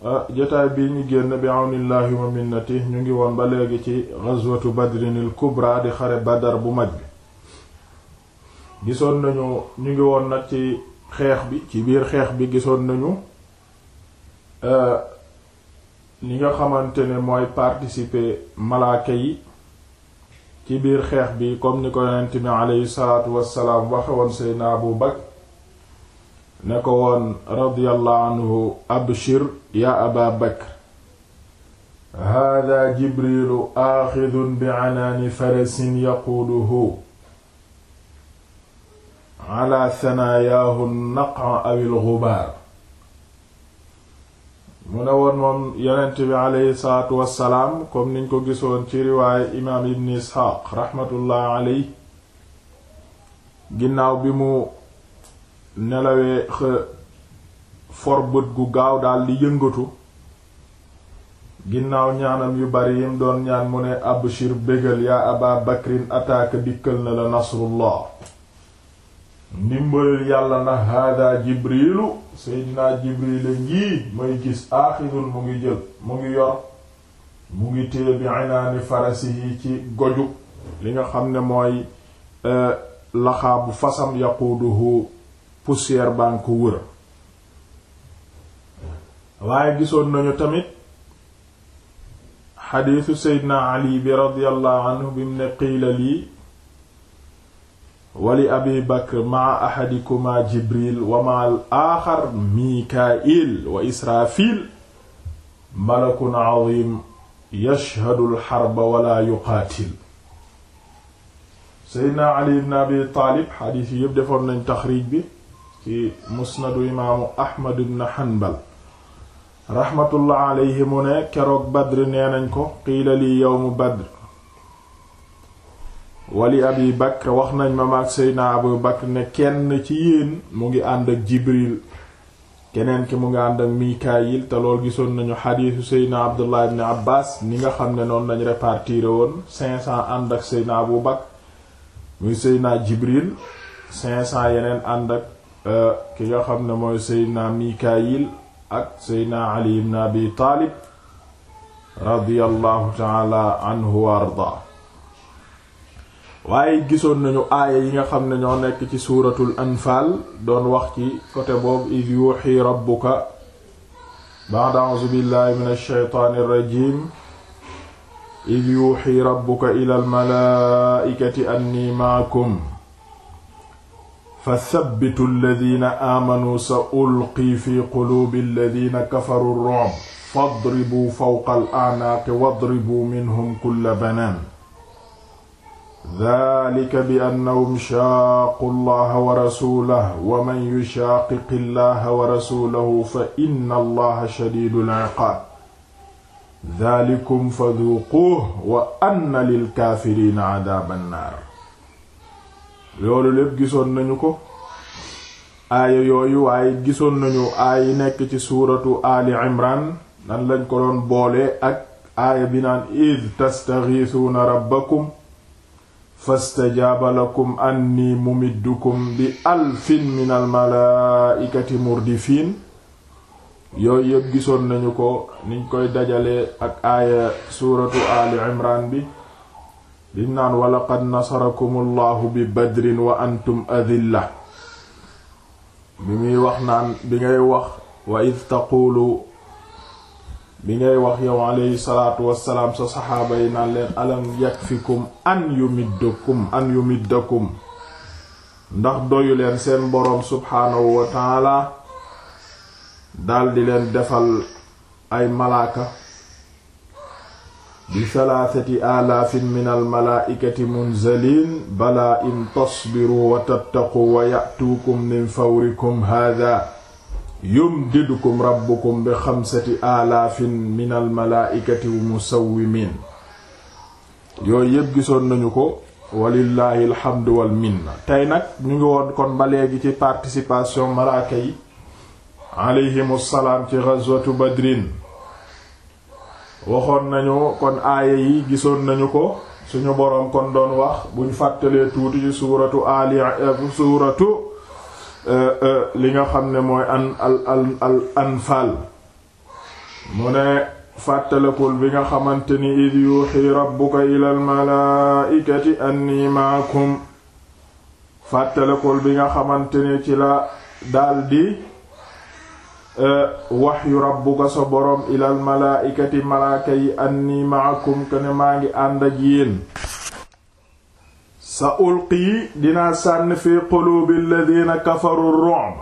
Ah, jotaay bii ñu génn bi àwnillaahi mu minnati ñu ngi woon ba léegi ci ghazwatu badrinil kubra di xare badar bu mag bi gisoon nañu ñu ngi woon nag ci xeex bi ci biir xeex bi gisoon nañu eh, li nga xamante ne mooy participer malaaka yi ci biir xeex bi comme ni ko yonent bi aleyhi salaatu wassalaam waxe woon abu bakr ne ko woon radiyallahu anhu abshir yaa aba bakr hada jibrilu aaxidun bi anaani farasin yaquuduhu ala sanaayaahu naqa awil gubaar mu ne woon moom yonent bi aleyhi salaatu wassalaam comme niñ ko gisoon ci riwaaya imaam ibn isxaaq raxmatullahi aley ginnaaw bi mu nelawee xa for gu gaaw daldi yëngatu ginnaaw ñaanam yu bari yim doon ñaan mu ne abshir bégal yaa aba bakrin ataaka dikkal na la nasrullah ndimbalul yàlla na hada jibrilu seydinaa jibrila ngii may gis aaxidul mu ngi jël mu ngi yor mu ngi téye bi farasi yi ci goju li nga xam ne mooy eh, laxaabu fasam yaquuduhu poussière baa ngi ko wër waaye gisoon nañu tamit xadiisu seydna ali bi radiyallahu anhu bi mu ne qiila lii wali abi bakr maa ahadikuma jibril wa ma al aaxar mikail wa israfil malakun azim yashhadu alxarba wala yuqaatil seydna ali ibn abi taalib xadiis yi yépp defoon nañ taxriij bi ci musnadu imaamu ahmad ibn hanbal rahmatullah alayhi mu ne keroog badr nee nañ ko qiila yow mu badr wali abi bakr wax nañ ma maag seydna abu bakr ne kenn ci yéen mu ngi ànd ak jibril keneen ki mu ngi ànd ak mikaayil te lool gisoon nañu xadiisu seydna abdullah ibn abbas ni nga xam ne noonu lañ répartir woon 500 ànd ak seydna abu bakr muy seydna jibril ànd ak Euh, ki nga xam ne mooy seydna Mikaayil ak seydna Ali ibn Abi Taalib radiyallahu taala anhu wa arda waaye gisoon nañu aaya yi nga xam ne ñoo nekk ci suuratul anfaal doon wax ci côté boobu id yuuxi rabbuka ba'da a'uuzu billahi min ash-shaytaani rajiim id yuuxi rabbuka ila al malaa'ikati anni ma'akum فثبتوا الذين آمنوا سألقي في قلوب الذين كفروا الرعب فاضربوا فوق الأعناق واضربوا منهم كل بنان ذلك بأنهم شاقوا الله ورسوله ومن يشاقق الله ورسوله فإن الله شديد العقاب ذلكم فذوقوه وأن للكافرين عذاب النار loolu lépp gisoon nañu ko aaya yooyu waaye gisoon nañu aay nekk ci suuratu ali imran nan lañ ko doon boole ak aaya bi naan id tastaghithuna rabbakum fastajaaba lakum anni mumiddukum bi alfin min almalaikati murdifin yooyu yëpp gisoon nañu ko niñ koy dajale ak aaya suuratu ali imran bi diñ naan walaqad nasarakumullahu bi badrin wa antum adilla bi muy wax naan bi ngay wax wa id taqulu bi ngay wax yow alayhi salaatu wassalaam sa saxaaba yi naan leen alam yakfikum an yumiddukum an yumiddakum ndax doyuleen seen borom subhaanahu wa taala daldi leen defal ay malaaka bi thalathati alaafin min almalaaikati munzalin balaa in tasbiru wa tattaqu wa ya'tuukum min fawrikum hadha yumdidukum rabbukum bi xamsati alaafin min almalaaikati musawwimin yooyu yépp gisoon nañu ko walillahi alhamdu wal tey nag ñu ngi woon kon ba léegi ci participation malaaka yi alayhimu ci ghazwatu badrin waxoon nañu kon aaya yi gisoon nañu ko suñu boroom kon doon wax buñ fàttalee tuuti ci suuratu ali eh, suuratu eh, eh, li nga xam ne mooy an al al mu ne fàttalekul bi nga xamante ni id ko rabbuka ilal malaa'ikati anni maakum fàttalekul bi nga xamante ci la daldi Euh, waxyu rabbuka sa borom ilal malaaykati malaaka yi anni maakum ko ne maa ngi ànd ak yéen sa ulqi dinaa sànni fi quluubi alladina kafaru ru'b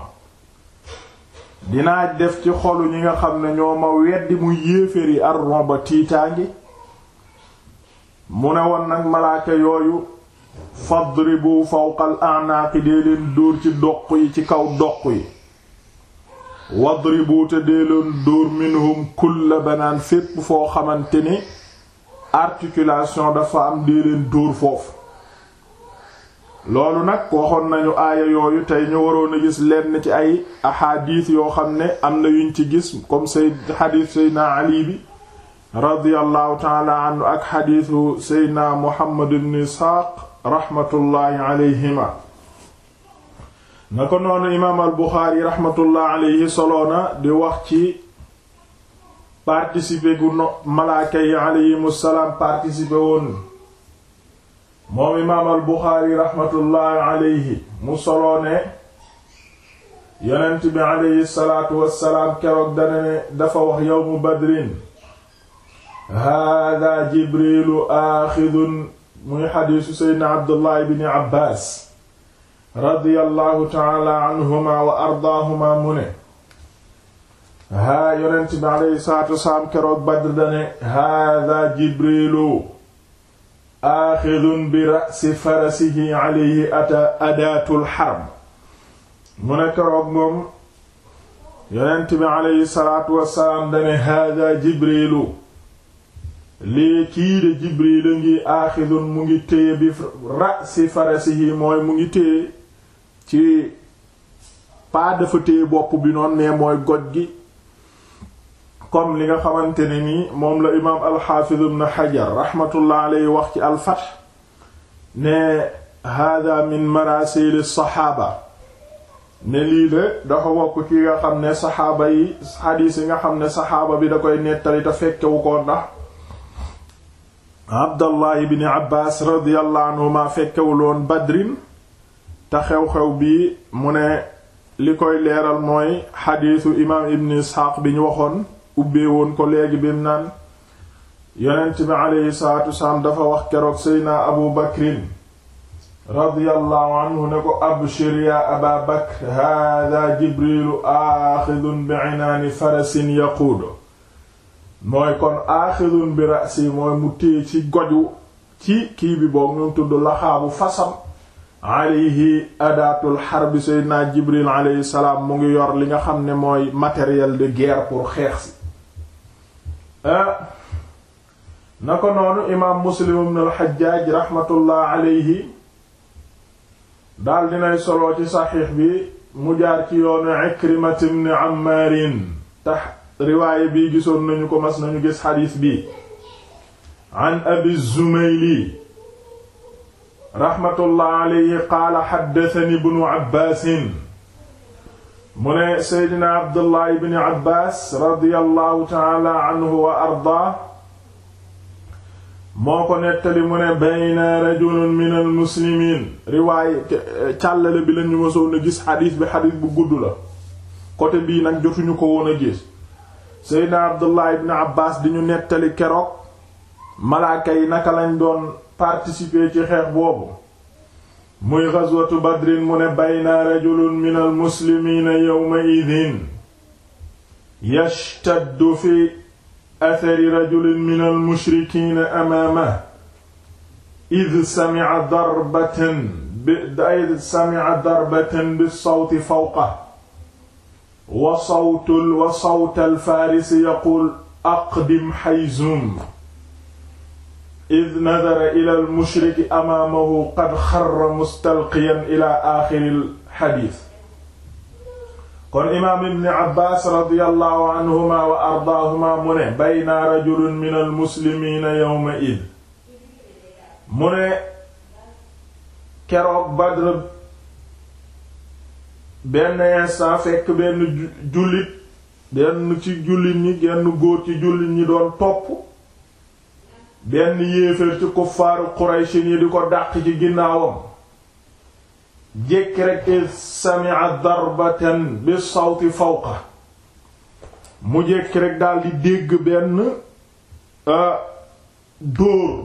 dinaa def ci xolu ñi nga xam ne ñoo ma weddi mu yéeféer yi ba ru'b tiitaangi mu ne woon nag malaaka yooyu fadribu fawqa al a'naaqi dee leen dóor ci doq yi ci kaw doq yi wadribu te deeloon dóor minhum kulla banaan fépp foo xamante ni articulation dafa am dee leen foofu loolu nag waxoon nañu aaya yooyu tey ñu waroon a gis lenn ci ay ahadith yoo xam ne am na yuñ ci gis comme say xadiis seydna ali bi radiyallahu taala anhu ak xadiisu seydna muhammad ibn isxaaq rahmatullahi alayhima na ko noonu imaam al Buxaari raxmatullah alayhi soloona di wax ci participer gu no malaaka yi alayhimu salaam participer woon moom imaam al Buxaari raxmatullah alayhi mu soloone yonent bi alayhi salaatu wassalaam keroog dana ne dafa wax yawmu badrin haadaa jibriilu aaxidun muy xadiisu seydna abdullah ibni abbaas radiyallahu taala anhuma wa ardaahuma mu ne haa yonent bi aleyhi keroog Badr dane haada jibrilu aaxidun bi rasi farasihi aleyhi ata adaatul mu ne keroog moom yonent bi aleyhi dane haada jibrilu lii kii de ngi aaxidun mu ngi téye bi rasi farasihi mooy mu ngi téye ci pas dafa téye bopp bi noonu mais mooy goj gi comme li nga xamante ne nii moom la imaam alxaafiz ibn xajar raxmatullah wax ci alfath ne hada min marasil saxaaba ne lii de dafa bokk ci nga xam ne saxaaba yi xadiis yi nga xam ne saxaaba bi da koy nettali te fekkewu ko ndax abdallah ibn abbas radiyallahu anhuma fekkewuloon badrin te xew-xew bi mu ne li koy leeral mooy xadiisu imaam ibn isxaaq bi ñu waxoon ubbee woon ko léegi bim naan yonent bi aleyhi salaatu wasalaam dafa wax keroog seydna abu bakrin radiyallahu anhu ne ko abshir ya aba bakr hada jibrilu aaxidun bi inaani farasin yaquudu mooy kon aaxidun bi rasi mooy mu téye ci goju ci kii bi boobu ñu tudd laxaabu fasam alayhi adaatul harbi seydina jibril alayhi salaam mu ngi yor li nga xam ne mooy matériel de guerre pour xeex si ah, na ko noonu imaam muslim ibn al-hajjaj rahmatullah alayhi daal dinay solo ci saxiix bi mu jaar ci yoonu ikrimat ibn ammaarin tax riwaaye bi gisoon nañu ko mas nañu gis xadiis bi an abi zumayli raxmatullah alayhi qaala xaddasani bnu abbaasin mu ne seydina abdullah ibni abbaas radiyallahu taala anhu wa ardaa moo ko nettali mu ne bayna rajulun min almuslimiin riwaay càllale bi lañu mësoon a gis xadiis bi xadiis bu gudd la côté bii nag jotuñu ko woon a gis seydina abdullah ibni abbaas di ñu nettali keroog malaaka yi naka lañ doon participer ci xeex boobu muy ghazwatu badrin mu ne bayna rajulun min al muslimiina yawma idin yashtaddu fi athari rajulin min al mushrikiina amaama id sami'a darbatan id sami'a darbatan bi sawti fawqa wa sawtul wa sawtal farisi yaqul aqdim hayzum id nadara ila almushriki amaamahu qad xarra mustalqiyan ila aaxiril xadiis kon imaam ibni abbaas radiyallahu anhuma wa ardaahuma mu ne bayna rajulun min almuslimiina yawma id mu ne keroog badr benn instant fekk benn jullit benn ci jullit ñi genn góor ci jullit ñi doon topp benn yéeféer ci kuffaaru Quraysh ni di ko dàq ci ginnaawam jékki rek it bi sawti fawqa mu jékki rek daldi dégg benn euh, dóor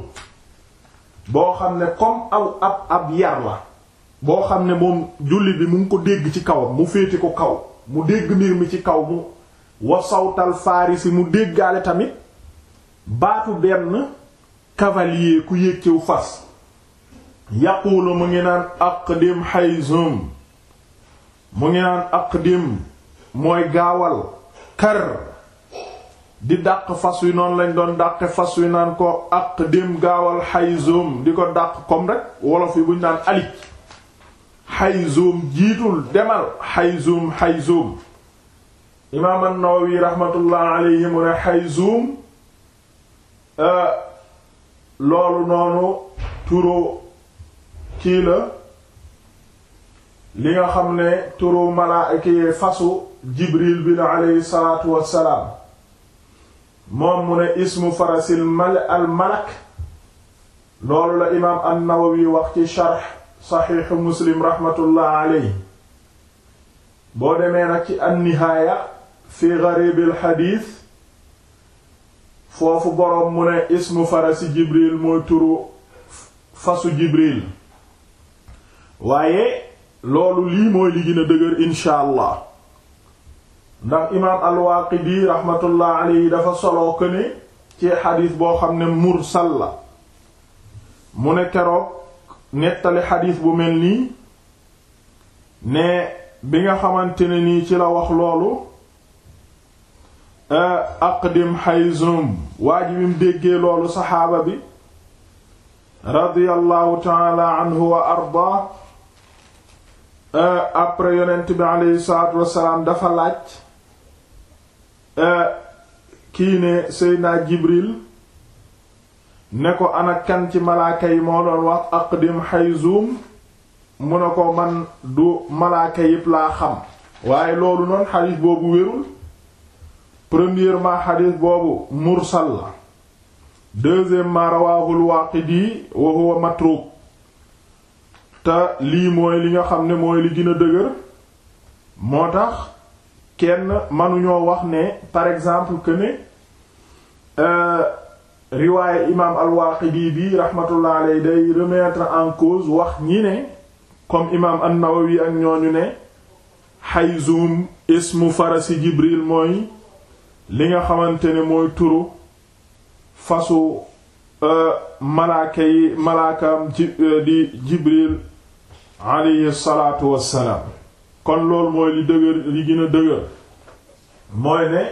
boo xam ne comme aw ab ab yar la boo xam ne moom julli bi mu ngi ko dégg ci kawam mu féete ko kaw mu dégg mbir mi ci kaw mu wasawtal farisi mu déggaale tamit baatu benn cavalier ku yéeg fas yaquulu mu ngi naan aqdim hayzum mu ngi naan aqdim mooy gaawal kar di dàq fas wi noonu lañ doon dàqe fas wi naan ko aqdim gaawal hayzum di ko dàq kom rek wolof yi buñ naan alik hayzum jiitul demal hayzum hayzum imaam an-Nawawi rahmatullah alayhi mu ne hayzum euh, loolu noonu turu kii la li nga xam ne turu malaaki fasu jibril bi la aleyhi salaatu wassalaam moom mu ne ismu farasil mal loolu la imaam an-Nawawi wax ci sharx saxiixu muslim raxmatullah aleyhi boo demee na ci an-nihaaya fi gariibil xadiis foofu boroom mu ne ismu farasi jibril mooy turu fasu jibril waaye loolu lii mooy li gën a dëgër insha ndax imaam al-Waaqidi rahmatullah dafa solo ko ne ci xadis boo xam ne mursal la mu ne keroog nettali xadis bu mel nii ne bi nga xamante ne nii ci la wax loolu Eh, aqdim Hayzum waa ji bi mu déggee loolu saxaaba bi radiyallahu taala anhu wa arda eh, après yonent bi aleyhi salaatu wassalaam dafa laaj eh, kii ne Seydina Jibril ne ko ana kan ci malaaka yi moo doon wax aqdim Hayzum mu ne ko man du malaaka yépp laa xam waaye loolu noonu xadiis boobu wérul premièrement xadis boobu mursal la deuxièmement rawaahul waaqidi wa huwa matruk te lii mooy li nga xam ne mooy li gën a dëgër moo tax kenn mënuñoo wax ne par exemple que ne euh, riwaaye imaam al-Waaqidi bi rahmatullah alayhi day remettre en cause wax ñi ne comme imaam an-Nawawi ak ñooñu ne xayzum ismu farasi Jibril mooy li nga xamante ne mooy turu fasu euh, malaaka yi malaakaam euh, di jibril aleyhi salaatu wassalaam kon loolu mooy li dëgër li gën a dëgër mooy ne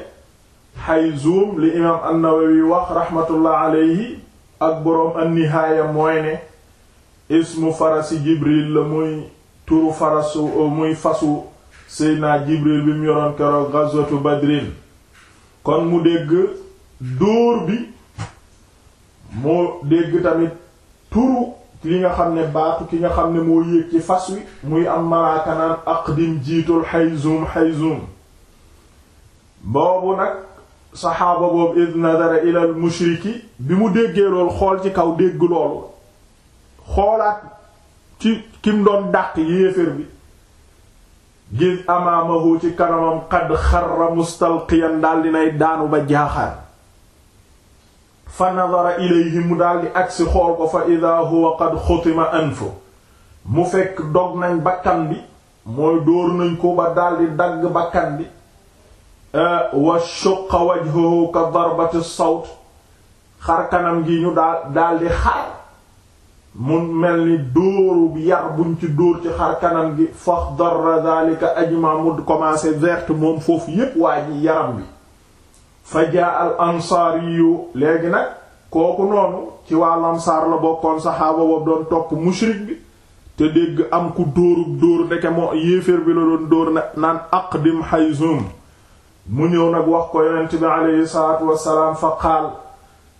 Hayzuum li imaam an-Nawawi wax rahmatullah aleyhi ak boroom an-Nihaaya mooy ne ismu farasi jibril la muy turu farasu euh, muy fasu seydinaa jibril bi mu yoroon keroog kon mu dégg dóor bi moo dégg tamit turu li nga xam ne baatu ki nga xam ne moo yéeg ci fas wi muy am malaaka naan aqdim jiitul hayzum hayzum boobu nag saxaaba boobu id nadara ila mushriki bi mu déggee loolu xool ci kaw dégg loolu xoolaat ci kim doon dàq yéeféer bi gis amaamahu ci kanamam xad xarra mustalqiyan daal dinay daanu ba jaaxaan fa nadara ilayhi mu daldi di agsi xool ko fa ida huwa qad xutima anfu mu fekk dog nañ bakkan bi mooy dóor nañ ko ba daal dagg bakkan bi wa shuqqa wajhuhu ka darbati sawt xar kanam gi ñu daal daal di mu mel ni dóoru yar buñ ci dóor ci xar kanam gi fax darra zalika ajma mu commencé verte moom foofu yépp waa ji yaram bi fa jaa al ansaariyu léegi nag kooku noonu ci waa lansaar la bokkoon saxaaba boobu doon topp mushrik bi te dégg am ku dóorub dóor ndeke moo yéeféer bi la doon dóor na naan aqdim hayzum mu ñëw nag wax ko yonent bi aleyhi salaatu wassalaam fa qaal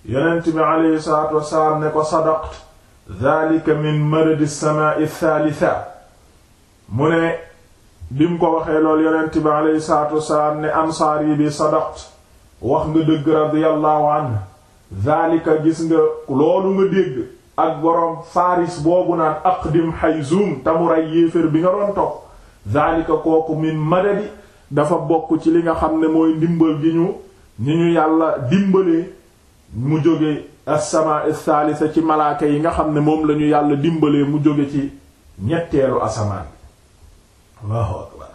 yonent bi aleyhi salaatu wassalaam ne ko sadaqt dhalika min madadi as-samaa'i ath-thalitha mu ne bi mu ko waxee lool yonent bi aleyhi salaatu wasalaam ne ansaar yi bi sadaqt wax nga dëgg radiyallahu anhu dhalika gis nga loolu nga dégg ak boroom faaris boobu naan aqdim Hayzum tamuray yéefér bi nga doon topp kooku min madadi dafa bokk ci li nga xam ne mooy ndimbal gi ñu ñu yàlla dimbalee mu jóge as-samaa ath ci malaaka yi nga xam ne moom la yàlla dimbalee mu jóge ci ñetteelu asamaan Allahu akbar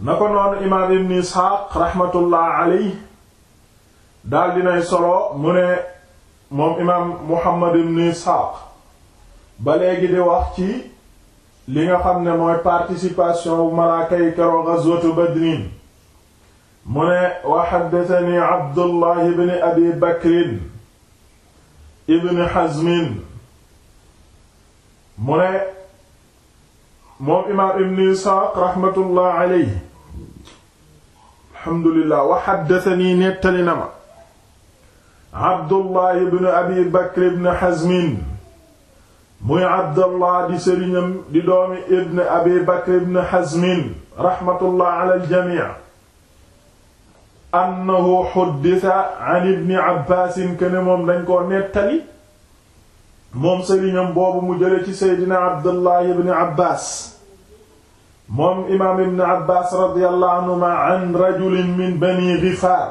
na ko noonu imaam ibn isxaaq rahmatullah aley daal dinay solo mu ne moom imaam muhammad ibn isxaaq ba léegi di wax ci li nga xam ne mooy participation bu malaaka yi keroog ghazwatu badrin mu ne wa haddathani abdullah ibn ibn Hazmin mu ne moom imaam ibn Isaaq raxmatullah alayhi alhamdulillah wa haddathani nettali na ma Abdullah ibn Abi Bakr ibn Hazmin muy Abdullah di sëriñam di doomi ibn Abi Bakr ibn Hazmin raxmatullah ala al jamii annahu xuddisa an ibni abbaasin kene moom dañ koo nettali moom sëriñam boobu mu jële ci seydina abdullah ibni abbaas moom imaam ibni abbaas radiyallahu anhuma an rajulin min bani gifaar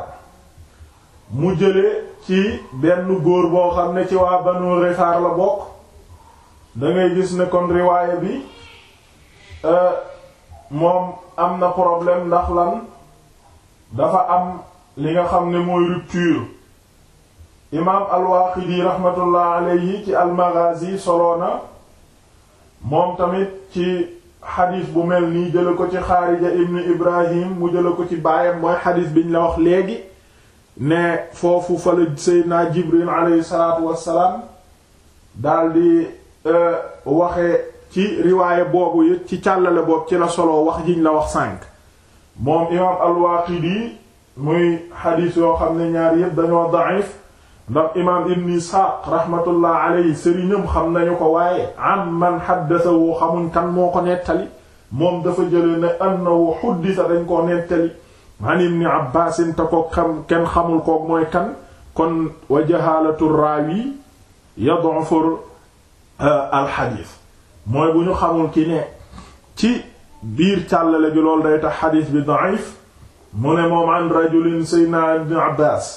mu jële ci benn góor boo xam ne ci waa banu gifaar la bokk dangay gis ne kon riwaaya bi euh, moom am na problème ndax lan dafa am li nga xam ne mooy rupture imaam al-Waaqidi yi alayhi ci al solo na moom tamit ci xadis bu mel nii jële ko ci Xaarija ibn Ibrahim mu jële ko ci baayam mooy xadis biñ la wax léegi ne foofu fala Seydina Jibril alayhi salaatu wassalaam daldi euh, waxe ci riwaaya boobu it ci càllale boob ci la solo wax jiñ la wax sànk moom imaam al-Waaqidi muy xadiis yoo xam ne ñaar yëpp dañoo da'if ndax imaam ibn Isxaaq rahmatullah alayhi sëriñam xam nañu ko waaye am man xaddasawu xamuñ kan moo ko nettali moom dafa jële ne annahu xuddisa dañ koo nettali an ibni abbaasin te ko xam kenn xamul koog mooy kan kon wa jahalatu raawi yad'ufu uh, al xadiis mooy bu ñu xamul ki ne biir càllale gi lool day tax xadiis bi da'if mu ne moom an rajulin seydna ibn abbas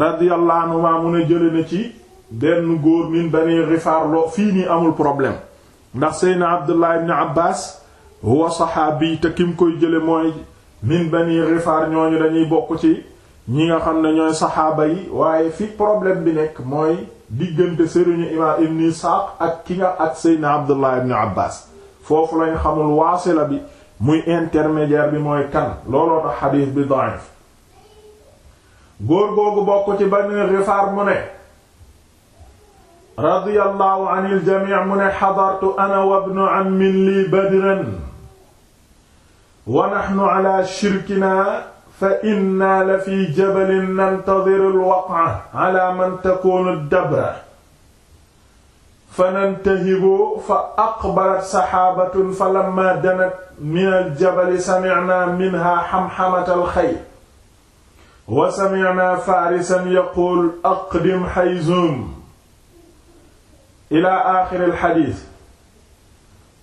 radiyallahu mu ne jële na ci benn góor min bani Gifaar loo fii nii amul problème ndax seydna abdullah ibn abbas huwa bii te kim koy jële mooy min bani Gifaar ñooñu dañuy bokk ci ñi nga xam ne ñooy saxaaba yi waaye fi problème bi nekk mooy diggante sëriñu imaam ibn Isaaq ak ki nga ak seydna abdullah ibn abbas foofu lañ xamul waasila bi muy intermédiaire bi mooy kan looloo tax xadiis bi da'if góor googu bokk ci Banu Gifaar mu ne radiyallahu anil jamii mu ne xadartu ana wa ibnu ammi lii badran wa nahnu ala shirkina fa inna la fi jabalin nantadiru alwaqa ala man takunu dabra fanantahiboo fa aqbalat saxaabatun fa lamma danat min aljabali samicnaa minha xamxamat alxayl wa samicnaa faarisan yaquul aqdim xayzum ila aaxiri alxadiis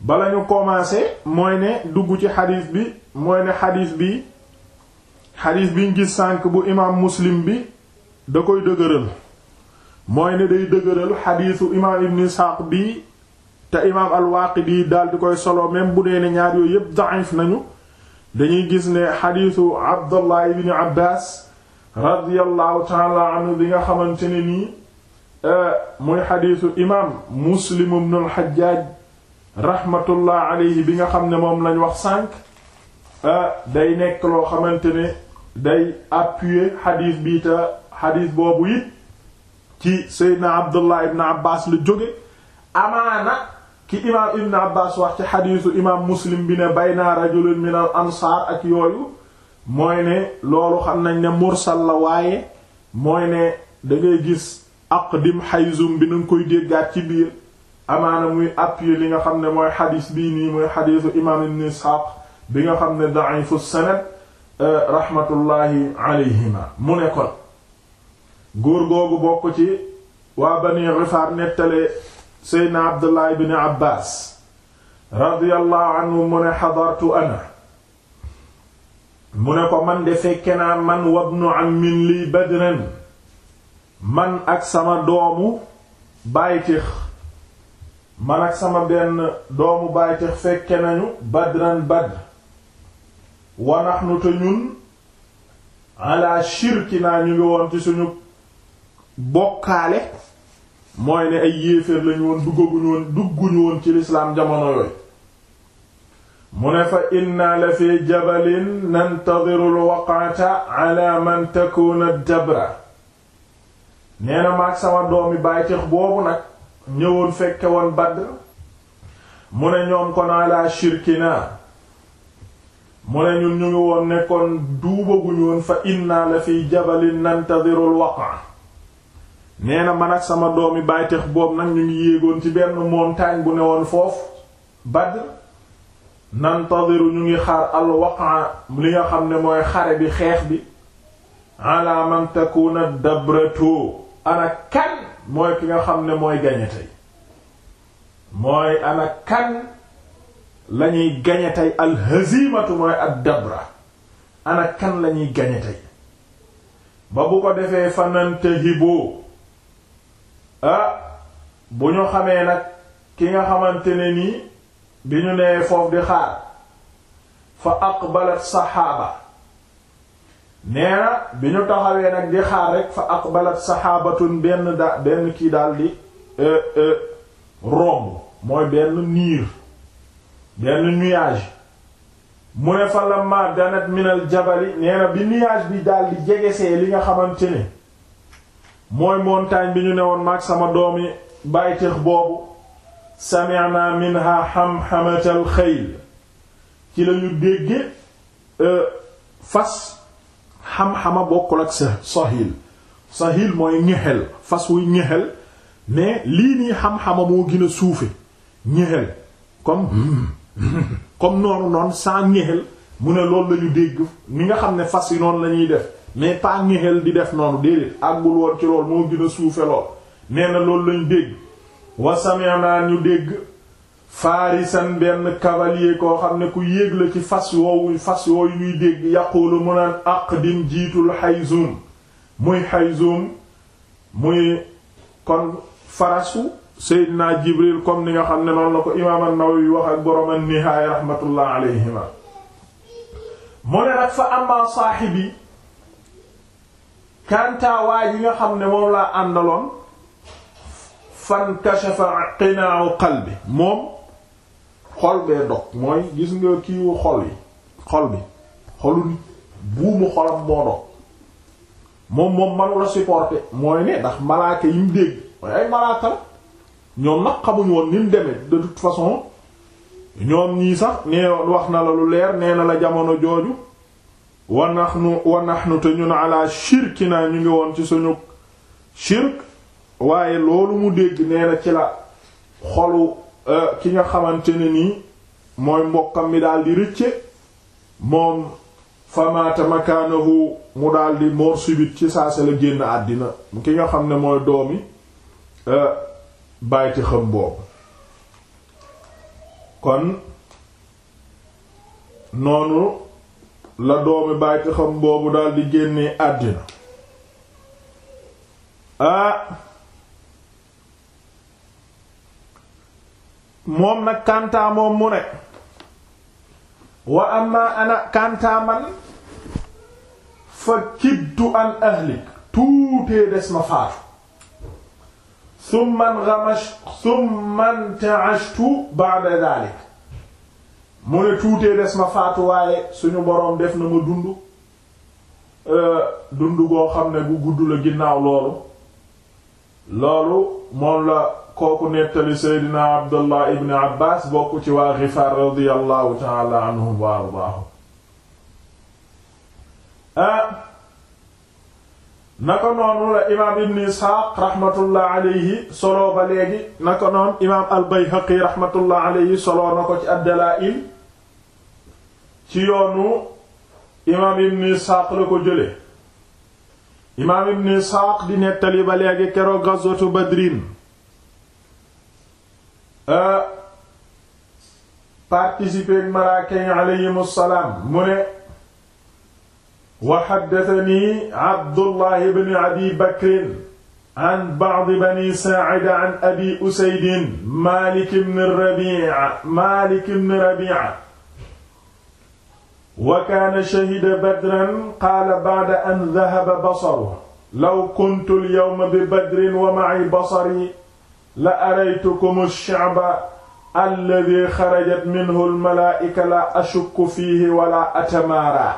bala ñu commencé mooy ne dugg ci xadiis bi mooy ne xadiis bi xadiis biñ gis sànk bu imaam muslim bi da koy dëgëral mooy ne day dëgëral xadiisu imaam ibn Isxaaq bi te imaam al-Waaqidi daal di koy solo même bu dee ne ñaar yooyu yépp da'if nañu dañuy gis ne xadiisu Abdullah ibn Abbaas radiyallahu taala anhu bi nga xamante ne nii eh, muy xadiisu imaam Muslim ibn al-Hajjaaj rahmatullah bi nga xam ne moom lañ wax sànq eh, day nekk loo xamante ne day appuyer xadiis bii te xadiis boobu it ci seydna abdullah ibn abbas la jóge amaana ki imaam ibn abbas wax ci xadiisu imaam muslim bi ne bayna rajulun min al ansaar ak yooyu mooy ne loolu xam nañ ne mursal la waaye mooy ne da ngay gis aqdim xayzum bi nañ koy déggaat ci biir amaana muy appuyer li nga xam ne mooy xadiis bii nii mooy xadiisu imaam ibn isxaaq bi nga xam ne daifu sanad rahmatullahi alayhima mu ne kon góor googu bokk ci waa bani Gifaar nettale seydna Abdullah ibn Abbaas radiyallahu anhu mu ne xadartu ana mu ne ko man de fekke naa man wabnu ammin lii badran man ak sama doomu baaytix man ak sama benn doomu baaytix fekke nañu badran badr wa ñun ala shirki naa ñu ngi woon ci suñu bokkaale mooy ne ay yéeféer lañu woon duggaguñu woon dugguñu woon ci lislaam jamono yooyu mu ne fa inna la fi jabalin nantadiru alwaqata ala man dabra nee na maag sama doomi bàyteex boobu nag ñëwoon fekke woon Badr mu ne ñoom kon ala shirkina mu ne ñun ñu ngi woon nekkoon duubaguñu woon fa inna la fi jabalin nantadiru alwaqa nee na man ak sama doomi bàyteex boobu nag ñu ngi yéegoon ci benn montagne bu ne woon foofu Badr nantadiru ñu ngi xaar alwaqa li nga xam ne mooy xare bi xeex bi ala man takuna dabratu ana kan mooy ki nga xam ne mooy gañe tey mooy ana kan lañuy gañe tey alhazimatu mooy ad dabra ana kan lañuy gañe tey ba bu ko defee fanantahiboo Ah, bu ñu xamee nag ki nga xamante ne nii bi ñu nee foofu di xaar fa aqbalat saxaaba nee bi ñu taxawee nag di xaar rek fa aqbalat saxaabatun benn da benn kii daldi eh, eh, romb mooy benn niir benn nuage mu ne fa lamma danat minal jabali nee bi nuage bi daldi jegesee li nga xamante ne mooy montagne bi ñu ne woon maag sama doomi bàyteex boobu sami'na minha xam-xamatal xayl ci lañu dégge euh, fas xam-xama bokkul ak sa sahil sahil mooy ñexel fas wuy ñexel mais lii nii xam-xama moo gën a suufe ñexel comme comme noonu noonu sans ñexel mu ne loolu lañu dégg ni nga xam ne fas yi noonu lañuy def mais pas ngexel di def noonu déedéet àggul woon ci lool moo gën a suufe lool nee na loolu lañ dégg wa sami'na ñu dégg faarisan benn cavalier koo xam ne ku yéeg la ci fas woowu fas woowu ñuy dégg yaqulu mu naan aqdim jiitul xayzum muy xayzum muy kon farasu Seydina Jibril comme ni nga xam ne noonu la ko imaam an-Nawawi wax ak borom an-Nihaaya rahmatullah mu ne nag fa amma saahibi kantaawaay yi nga xam ne moom laa àndaloon fan kashafa xal bi moom xol bee dog mooy gis nga kiiwu xol yi xol bi xolu nit buumu xolam moo dog moom moom manula supporter mooy ne ndax malaaka yi mu dégg mooy ay malaaka ñoom nag xamuñ woon ni mu demee de toute façon ñoom ñii sax nee wax na la lu leer nee na la jamono jooju wa nu wa nahnu te ñun ala shirkina ñu ngi woon ci suñu shirk waaye loolu mu dégg nee na ci la xolu euh, ki nga xamante ni nii mooy mbokkam mi dal di rëcce moom famaata makaanahu mu daal di mort ci saa sa la génn àddina ki nga xam ne mooy doomi euh, bàyti xam boobu kon noonu la doomi bàyyi xam boobu daal di génnee àddina ah moom na kantaa moom mu ne wa amma ana kantaa man fa kidtu an ahlik tuutee des ma faatu summan gamash summan ta'ashtu ba'da dhalik mu ne tuutee des ma faatu waaye suñu boroom def na ma dund euh, dund goo xam ne gu gudd la ginnaaw loolu loolu moom la kooku nettali seydina abdullah ibn abbas bokk ci waa gifaar radiallahu taala anhum wa ardaahu euh, naka noonu la imaam ibn isxaaq raxmatullah alayhi soloo ba léegi naka noonu imaam al bayhaqi raxmatullah alayhi soloo na ko ci ad-dalaa'il ci yoonu imaam ibn Isxaaq la ko jële imaam ibn Isxaaq di nettali ba léegi keroog gazwatu Badrin euh, participer ak maraakeñ alayhimu salaam mu ne wa haddathanii Abdullah ibn Abi Bakr an ba'di bani Saa'ida an Abi Usayd Maalik ibn Rabi'a Maalik ibn Rabi'a wa kaana shahida badran qaala ba'da an dahaba basaruhu law kuntu al-yawma bi badrin wa ma'i basari la araytukum ash-sha'ba alladhi kharajat minhu al-malaa'ika la ashukku fiihi wa la atamaara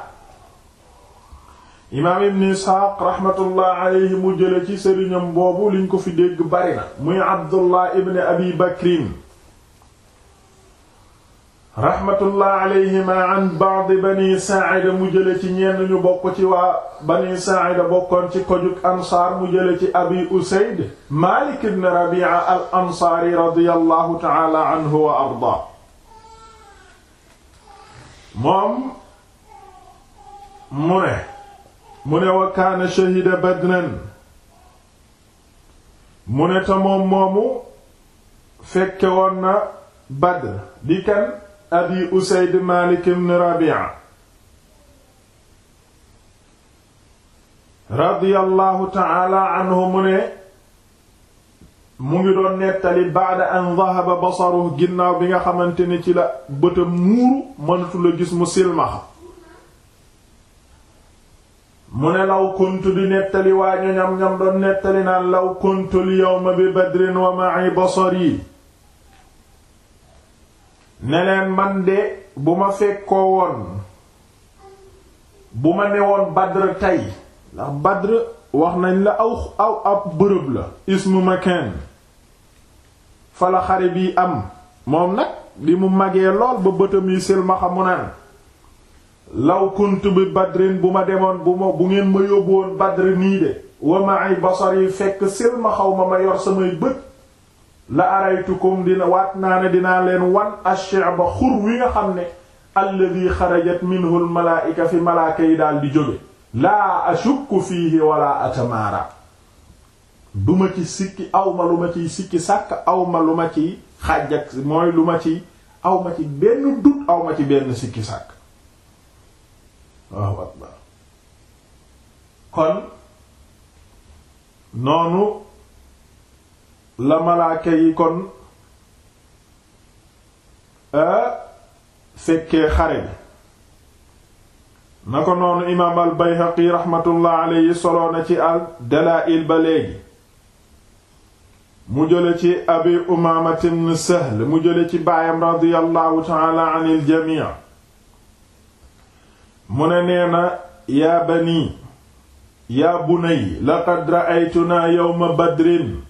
imaam ibn isxaaq raxmatullah alayhi mu jële ci sëriñam boobu liñ ko fi dégg bari na muy abdullah ibn abi bakrin raxmatullah alayhima an baadi bani saaida mu jële ci ñenn ñu bokk ci waa bani saaida bokkoon ci kojug ansaar mu jële ci abi usayd maalik ibn rabi'a al ansaari radiyallahu taala anhu wa arda moom mu ne mu ne wa kaana shahida badran mu ne te moom moomu fekke woon na badr di kan abi usayd malik mu ne mu ngi doon nettali ba'da an dhahaba basaruhu ginnaaw bi nga xamante ni ci la bëtam muuru mënatu la gis mu mu ne law kuntu di nettali waa ñoñam ñam doon nettali naan law kuntu al yawma bi badrin wa ma'i basari ne man de bu ma fekkoo woon bu ma ne woon Badr tey ndax Badr wax nañ la aw aw ab bërëb la ismu Makan fa la xare bii am moom nag li mu magee lool ba bëtam yi silmaxa mu naan law kuntu bi badrin bu ma demoon bu bu ngeen ma yóbbu woon Badr nii de wa ma ay basar yi fekk silmaxaw ma ma yor samay bët la araytukum dina waat naa ne dinaa leen wan ash-shi'ba xur wi nga xam ne alladhi xarajat minhu al-malaa'ika fi malaaka yi daal di jóge laa ashukku fiihi wala atamaara duma ci sikki awma lu ma sikki sàkk awma lu ma ciy xàjjak mooy lu ma ci awma ci benn dut awma ci benn sikki sàkk waaw akbar kon noonu la malaaka yi kon euh, fekkee xare bi na ko noonu imaam al bayhaqi raxmatullah alayhi soloo ci al dalaa'il ba léegi mu jële ci abi umaama ibn sahl mu jële ci baayam radiyallahu taala an il jamii mu ne nee na yaa banii yaa bunay laqad ra'aytunaa yawma badrin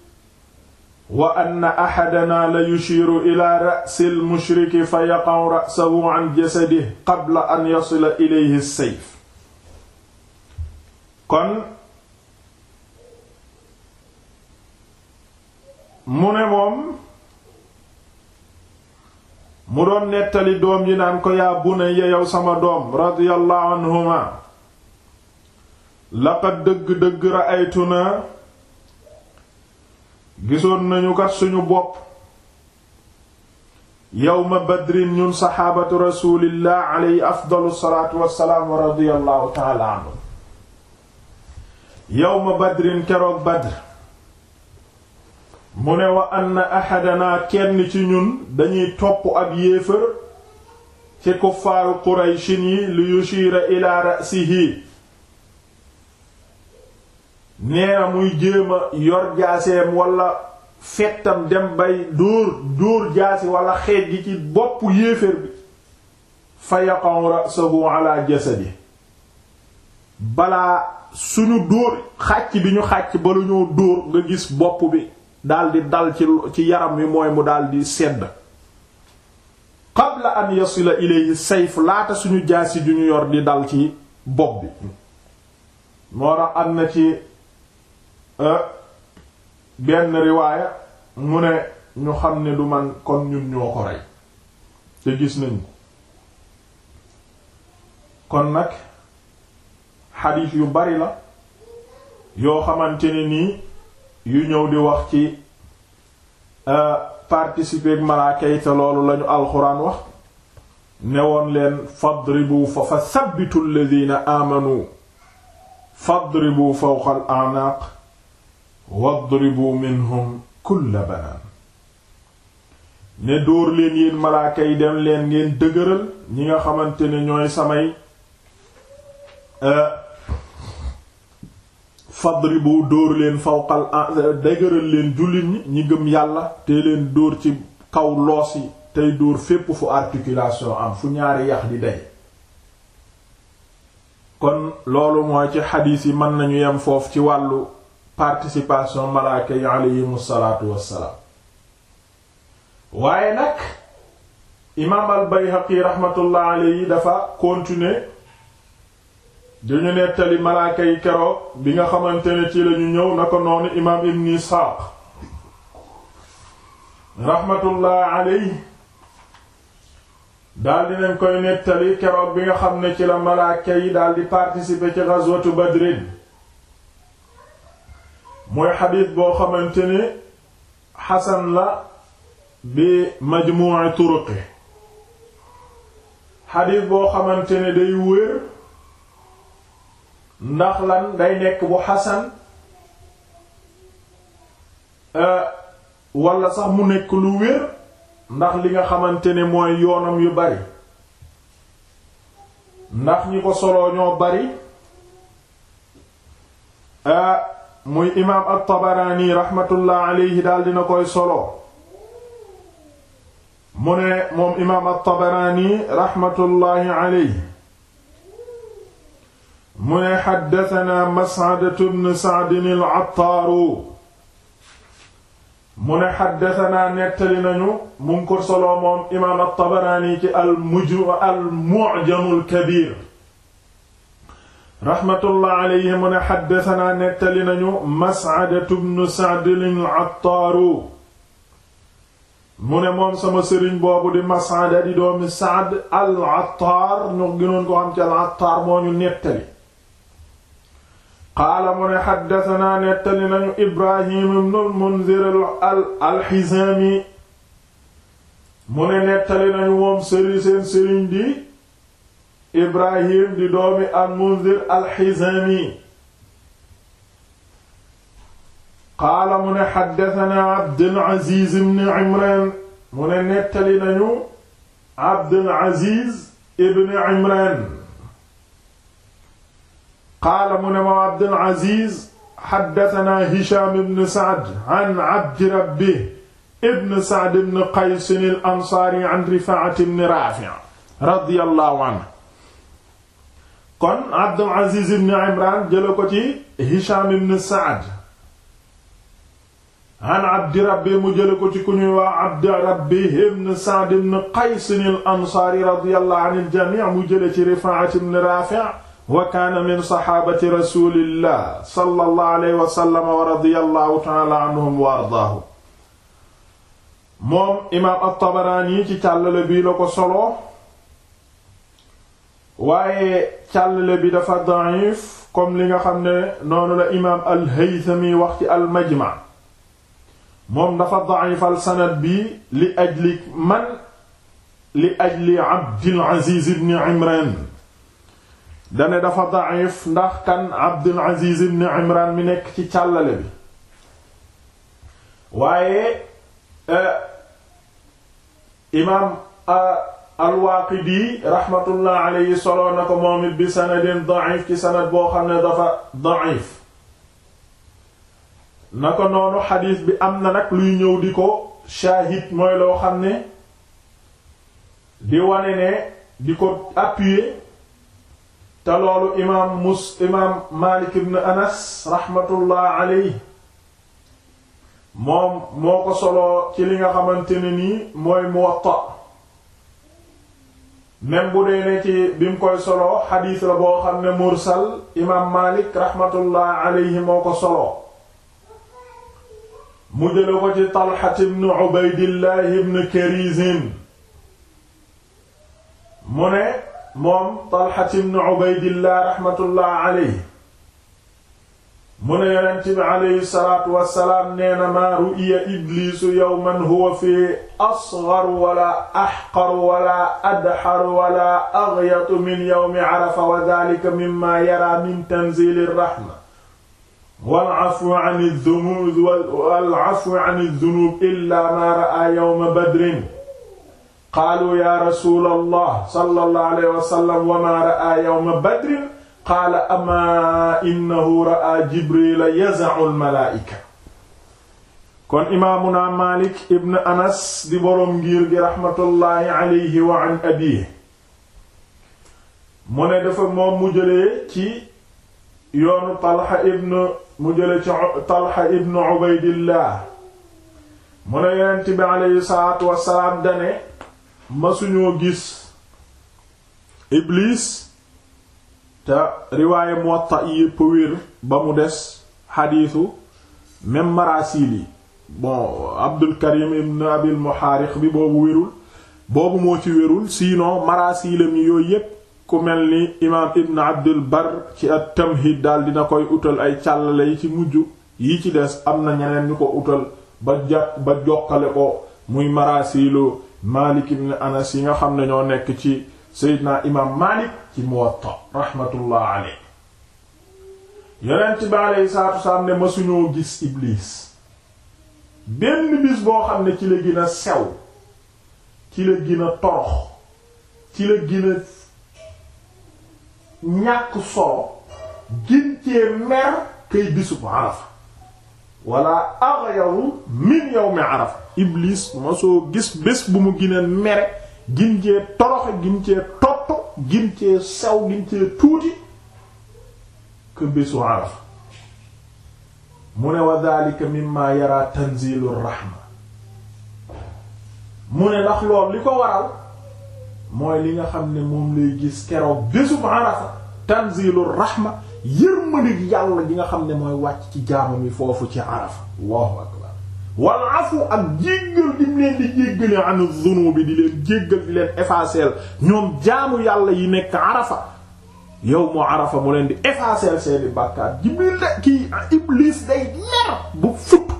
wa anna axadanaa la yushiiru ilaa ra'si al-mushriki fa yaqa'u ra'sahu an jasadihi qabla an yasila ilayhi as-sayf kon mu ne moom mu doon nettali doom yi naan ko yaa bunayya yow sama doom radiyallahu anhuma laqad dëgg-dëgg ra'aytunaa gisoon nañu kat suñu bopp yawma badrin ñun saxaabatu rasulillah alayhi afdalu salaatu wassalaam wa radiyallahu taala anhu yawma badrin keroog badr mu ne wa anna ahadanaa kenn ci ñun dañuy topp ab yéefër ci kuffaaru qurayshin yi li yushiira ila ra'sihi neena muy jéem yor jaaseem wala fettam dem bay dóor dóor jaasi wala xeej gi ci bopp yéeféer bi fa yaqa'u ra'suhu ala jasadi balaa suñu dóor xàcc bi ñu xàcc ba lu ñoo dóor nga gis bopp bi daldi dal ci yaram wi mooy mu daldi sedd qabla an yasila ilayhi sayf laata suñu jaasi ju ñu yor di dal ci bopp bi moo tax am na ci Euh, benn riwaaya mu ne ñu xam ne du man kon ñun ñoo ko rey te gis nañ kon nag xadiis yu bari la yoo xamante ne nii yu ñëw di wax ci euh, participer ak malaaka yi te loolu lañu alxuraan wax ne woon leen fadribu fa fa sabbitu alladhina amanu fadribu fawqa al wadribu minhum kulla banaan ne dóor leen yéen malaaka yi dem leen ngeen dëgëral ñi nga xamante ne ñooy samay euh, fadribu dóor leen fawqal euh, dëgëral leen jullit ñi gëm yàlla te leen dóor ci kaw loos yi tey dóor fépp fu articulation am fu ñaari yax di day kon loolu mooy ci xadiis yi mën nañu yem foofu ci wàllu participation malaaka yi aleyhim salaatu wassalaam waaye nag imaam al bayhaqi raxmatullah aleyhi dafa continuer dañu nettali malaaka yi keroog bi nga xamante ne ci lañu ñëw na ko noonu imaam ibn isxaaq raxmatullah aleyhi di dinañ koy nettali keroog bi nga xam ne ci la malaaka yi daal di participer ci ghazwatu badrin mooy xadiis boo xamante ne xasan la bi majmu'i turuqi xadiis boo xamante ne day wér ndax lan day nekk bu xasan euh, wala sax mu nekk lu wér ndax li nga xamante ne mooy yoonam yu bari ndax ñi ko soloo ñoo bari euh, muy imaam at-Tabaraani raxmatullah alayhi daal dina koy solo mu ne moom imaam at-Tabaraani raxmatullahi alayhi mu ne xaddatanaa Mas'adatu bnu Sa'din al-Attaaru mu ne xaddatanaa nettali nañu mu ngi ko solo moom imaam at-Tabaraani ci al-Mu'jam al-Kabiir raxmatullah alayhi mu ne xaddasanaa nettali nañu mas'adatu bnu sa'dil attaaru mu ne moom sama sëriñ boobu di mas'ada di doomi sa'd al attaar ñu gënoon ko xam ci al attaar moo ñu nettali qaala mu ne xaddasanaa nettali nañu ibrahim ibnu al munzir al xizaami mu ne nettali nañu moom sëriñ seen sëriñ di ibrahim di doomi almunzir alxizami qaala mu ne xaddatanaa abdul aziz ibn imran mu ne nettali nañu abdul aziz ibn imran qaala mu ne moom abdul aziz xaddatanaa hisham ibn saad an abdi rabbi ibn saad ibn qays al ansaari an rifaat ibn raafi radiyallahu anhu kon Abdul Aziz ibn Imran jële ko ci Hisham ibn Saad an Abdi Rabbi mu jële ko ci ku ñuy waa Abdi Rabbi ibn Saad ibn Qays al-Ansari radiyallahu anil jami' mu jële ci Rifa'at ibn Rafi' wa kaana min saxaabati rasulillah sallallahu alayhi wa sallam wa radiyallahu ta'ala anhum wa ardaahum moom imaam at-Tabarani ci càllale bii la ko solo waaye càllale bi dafa da'if comme li nga xam ne noonu la imaam al-Haythami wax ci al-Majma moom dafa da'ifal sanad bi li ajli man li ajli Abdul Aziz ibn Imran dane dafa da'if ndax kan Abdul Aziz ibn Imran mi nekk ci càllale bi waaye eh, imaam eh, alwaaqidi rahmatullah alayhi soloo na ko moom it bi sanadin da'if ci sanad boo xam ne dafa da'if na ko noonu xadiis bi am na nag luy ñëw di ko shaahid mooy loo xam ne di wane ne di ko appuyer te loolu imaam mus imaam Maalik ibn Anas rahmatullah alayhi moom moo ko soloo ci li nga xamante ne nii mooy Muwatta même bu dee ne ci bi mu koy solo xadiis la boo xam ne mursal imaam Maalik rahmatullah alayhi moo ko solo mu jële ko ci Talxat ibn ibn Karizin mu ne moom Talxat ibn Ubaydillah rahmatullah mu ne yonent bi aleyhi salaatu wassalaam nee na maa ru'iya ibliisu yawman huwa fii asghar wala ahqar wala adhar wala aghyatu min yawmi arafa wa dhaalika mimmaa yaraa min tanziili rahma wal afwi ani dhunuub wal afwi ani dhunuub illaa maa ra'aa yawma badrin qaaluu yaa rasuulallah sallallahu alayhi wa sallam wa maa ra'aa yawma badrin qaala ama innahu ra'a jibrila yaza'u almalaa'ika kon imaamuna malik ibn anas di boroom ngir gi raxmatullaahi alayhi wa an mu ne dafa moom mu jëlee ci yoonu talxa ibn mu jëlee ci talxa ibn ubaydillah mu ne yonent bi aleyhi salaatu wasalaam dane masuñoo gis iblis te riwaaye muwatta yépp wér ba mu des xadiisu même marasil yi bon abdul karim ibn abil muhaarix bi boobu wérul boobu moo ci wérul sinon marasilam yi yooyu yépp ku mel ni imaam ibn abdul bar ci at tamhid daal dina koy utal ay càllale yi ci mujj yi ci des am na ñeneen ñu ko utal ba jàpp ba jokkale ko muy marasilu malik ibn anas yi nga xam ne ñoo nekk ci Seydina imaam Maalik ci Muwatta rahmatullah alayhi yonent bi alayhi salaatu wasalaam ne masuñoo gis Iblis benn bis boo xam ne ci la gën a sew ci la gën a torox ci la gën a ñàkk solo gin cee mer kay bisub Arafa wala aghyaru min yawmi Arafa Iblis masoo gis bés bu mu gën a mere gin cee toroxe gin cee tott gin cee sew gin cee tuuti que bésu Arafa mu ne wa dhalika mimma yara tanzilu rahma mu ne ndax lool li ko waral mooy li nga xam ne moom lay gis keroog bésu Arafa tanzilu rahma yërmande yàlla gi nga xam ne mooy wàcc ci jaamam yi foofu ci Arafa Allahu akbar wal afu ak jéggal dim leen di ñoom jaamu yàlla yi nekk arafa yow moo arafa mu di effacer seeni bàkkaar jibril de kii iblis bu futt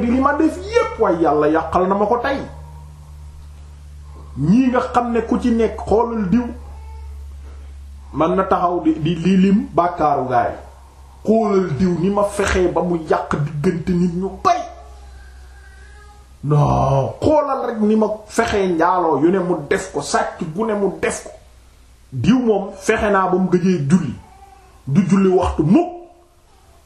bi li ma def yépp waaye yàlla yàqal na ma ko tey ñii nga xam ne ku ci nekk xoolal diw man na taxaw di di lim bàkkaaru gaay xoolal diw ni ma fexee ba mu yàq diggante nit ñu bay xoolal rek ni ma fexee njaaloo yu ne mu def ko sàcc gu ne mu def ko diw moom fexe naa ba mu gëjee julli du julli waxtu mukk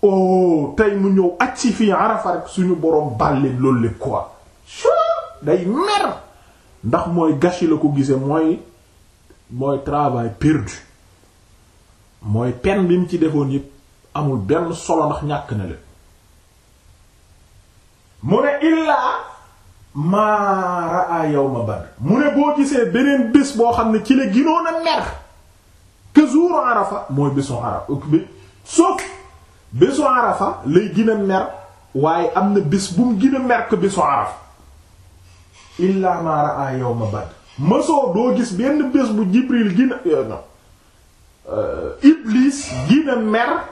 oh tey mu ñëw ak si fii Arafa rek suñu borom bàllee loolu lépp quoi day mer ndax mooy gâchis la ko gisee mooy mooy travail perdu mooy peine bi mu ci defoon yépp amul benn solo ndax ñàkk na leen mu ne illaa maa raa yawma Badr mu ne boo gisee beneen bés boo xam ne ci la ginoon a mer que jour Arafa mooy bésu Arafa bi sauf bésu Arafa lay gën mer waaye am na bis bu mu gën a mer que bésu Arafa illaa maa raa yawma Badr mësoo doo gis benn bis bu Jibril gina euh, non euh, gina mer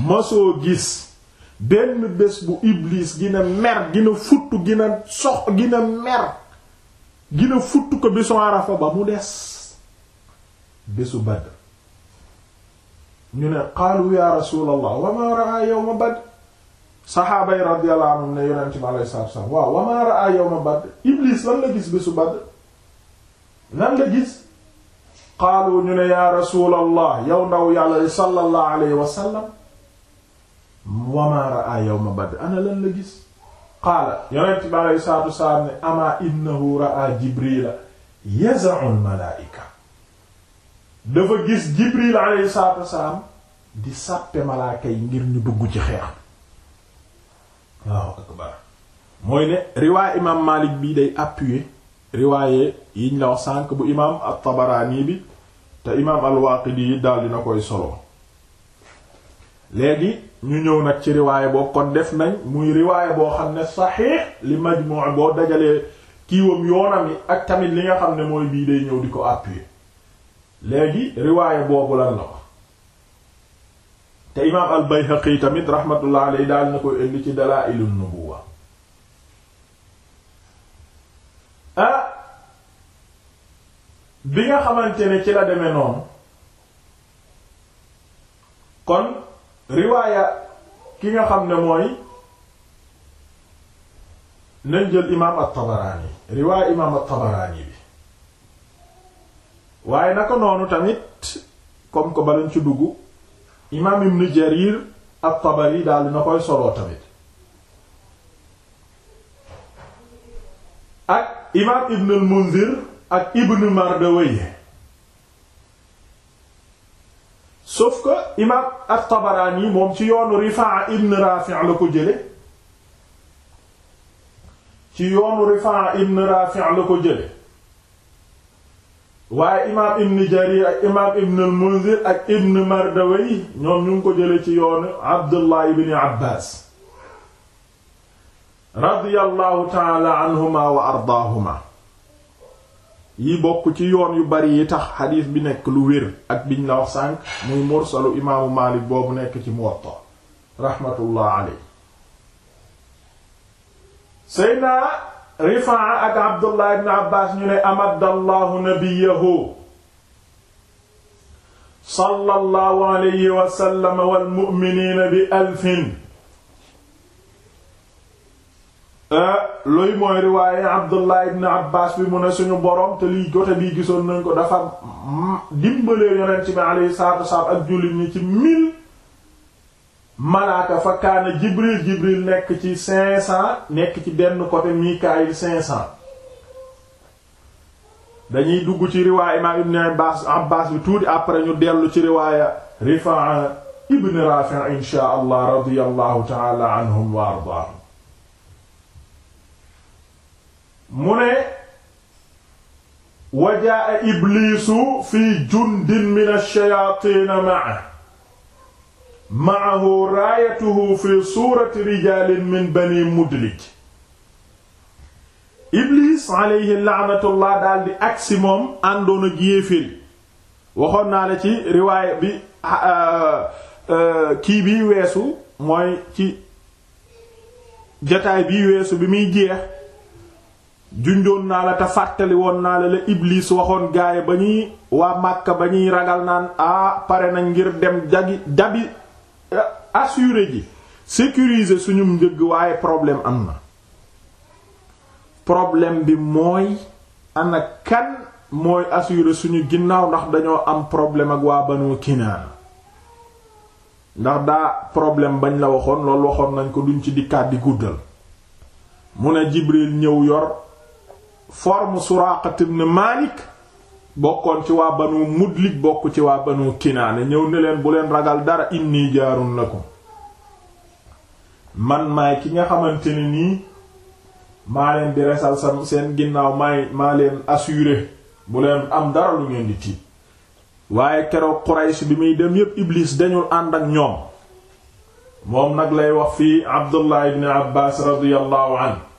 masoo gis benn bés bu gi gina mer gina futt gina sox gina mer gina futt ko bésu Arafa ba mu des bésu Badr ñu ne qaalu ya rasulallah wa ma raa yawma waaw wa ma raa yawma Badr iblis lan la gis bésu Badr lan la gis qaalu ñu ne ya rasulallah yow ndaw yàlla sallallahu alayhi wa wamaa raa yawma badr ana lan la gis qaala yonent bi aleyhi salaatu wasalaam ne ama innahu raa dafa gis jibril aleyhi salaatu di sàppe malaaka yi ngir ñu dugg ci xeex waaw mooy ne riwaay imaam Maalik bi day appuyer riwaaye yiñ la wax sànq bu imaam at-Tabaraani bi te imaam al-Waaqidi yi daal dina koy solo léegi ñu ñëw nag ci riwaayé boo kon def nañ muy riwaayé boo xam ne saxiix li majmuu boo dajalee kiiwam yoonam yi ak tamit li nga xam ne mooy bii day ñëw di ko appuyer léegi riwaayé boobu lan la ko te imaam al bayhaqi tamit rahmatullah alayhi daal na koy indi ci dalaa'ilu nubuwa ah bi nga xamante ne ci la demee noonu kon riwaaya ki nga xam ne mooy nañ jël imaam at-Tabaraani riwaaya imaam at-Tabaraani bi waaye naka noonu tamit comme que balañ ci dugg imaam Ibn Jarir at-Tabari daal na koy soloo tamit ak imaam Ibn al ak Ibn Mardawayh sauf que imam at-Tabarani moom ci yoonu Rifaa ibn Rafi' la ko jële ci yoonu Rifaa ibn Rafi' la ko jële waaye imam ibn Jarir ak imam ibn al-Munzir ak ibn Mardawayh ñoom ñu ngi ko jële ci yoonu Abdullah ibn Abbas radiyallahu ta'ala anhuma wa ardaahuma yi bokk ci yoon yu bari yi tax xadiis bi nekk lu wér ak biñ la wax sànq muy mursalu imaamu Maalik boobu nekk ci Muwatta rahmatullah aley Seydina Rifaa ak Abdullah ibn Abbaas ñu ne amaddallahu nabiyahu sallallahu alayhi wa sallam bi alfin Eh, luy mooy riwaaye Abdullah ibn Abbas bi mu ne suñu borom te liy jote bii gisoon nañ ko dafa mm, dimbalee yonent bi alayhi ak jullit ñi ci mille malaaka fa kaana Jibril Jibril nekk ci cinq cent nekk ci benn côté Mikaayil cinq cent dañuy dugg ci riwaaya imaam ibn Abbas Abbas bi tuuti après ñu dellu ci riwaaya Rifaa ibn Rafi' Allah radiyallahu ta'ala anhum wa ardaahum mu ne wajaa ibliisu fi jundin min ash-shayatin ma'a ma'ahu raayatuhu fi suurati rijaalin min bani mudlij ibliis alayhi laanatullah daldi agsi moom àndoon ak yéeféer waxoon naa la ci riwaaya bi euh, euh, kii bi weesu mooy ci jataay bi weesu bi muy jeex junjoon naa la te fàttali woon naa la la Iblis waxoon gaay ba ñuy waa Màkka ba ñuy ragal naan a ah, pare na ngir dem jagi dabi eh, assuré ji sécuriser suñu njëgg waaye problème am na problème bi mooy ana kan mooy assurer suñu ginnaaw ndax dañoo am problème ak waa Banu Kinaana ndax daa problème bañ la waxoon lool waxoon nañ ko duñ ci dikkaat di guddal mu ne Jibril ñëw yor forme Suraaqa ibn Maalik bokkoon ci waa banu Mudlij bokk ci waa banu Kinaane ñëw ne leen bu leen ragal dara inni jaarun lakum man maay ki nga xamante ne nii maa leen di resal sam seen ginnaaw maay maa leen assuré bu leen am dara lu ngeen di tiit waaye keroog Quraysh bi muy dem yépp Iblis dañul ànd ak ñoom moom nag lay wax fi Abdullah ibn Abbas radiyallahu anhu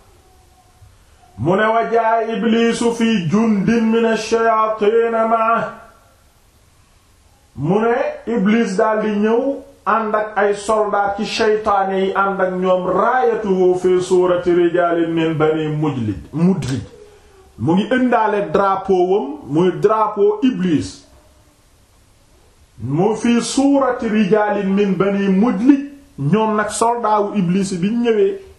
mu ne wa jaa ibliisu fi jundin min ash-shayatin mu ne ibliis daldi ñëw ànd ak ay soldaar ci sheytaane yi ànd ak ñoom raayatuhu fi suurati rijaalin min bani mujlid mudlij mu ngi ëndaale drapeau muy drapeau ibliis mu fi suurati rijaalin min bani mudlij ñoom nag soldaawu ibliis bi ñëwee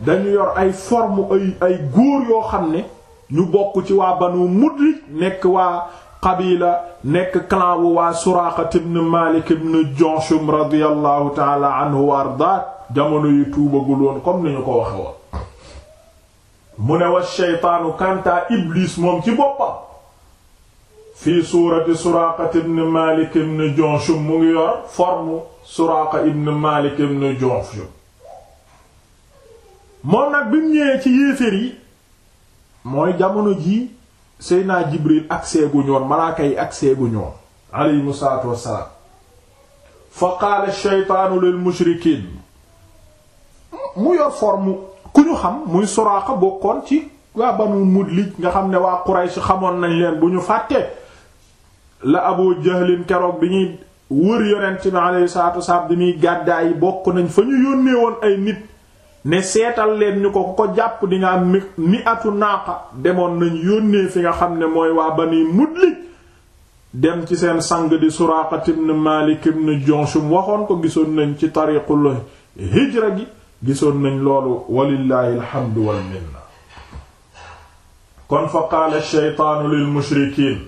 dañu yor ay forme ay góor yoo xam ni ñu bokk ci waa banu Mudrij nekk waa qabila nekk clan wu waa Suraaqa ibn Maalik ibn Jushum radiyallahu taala ardaat jamono yi tuubagul woon comme ni ñu ko waxe woon mu ne wa sheytaanu kantaa iblis moom ci boppa fii suurati Suraaqa ibn Maalik ibn Jushum mu ngi yor forme Suraaqa ibn Maalik ibn Jushum moom nag bi mu ñëwee ci yéeféer yi mooy jamono ji Seydina Jibril agsee gu ñoon malaaka yi agsee gu ñoon aleyhimu salaatu wassalaam fa qaala sheytaanu lil mushrikiin mu yor forme ku ñu xam muy Suraaqa bokkoon ci waa Banu Mudlij nga xam ne waa Quraysh xamoon nañ leen bu ñu fàttee la Abu Jahlin keroog bi ñuy wër yonent bi aleyhi salaatu wassalaam bi muy gàddaay bokk nañ fa ñu yónnee woon ay nit ne seetal leen ñu ko ko jàpp di nga am mi atu naaqa demoon nañu yónnee fi nga xam ne mooy waa bani mudlik dem ci seen sang di suraaqa ibn malik ibn junshum waxoon ko gisoon nañ ci tariqul hijra gi gisoon nañ loolu walillahi alhamdu wal minna kon fa qaala sheytaanu lil mushrikiin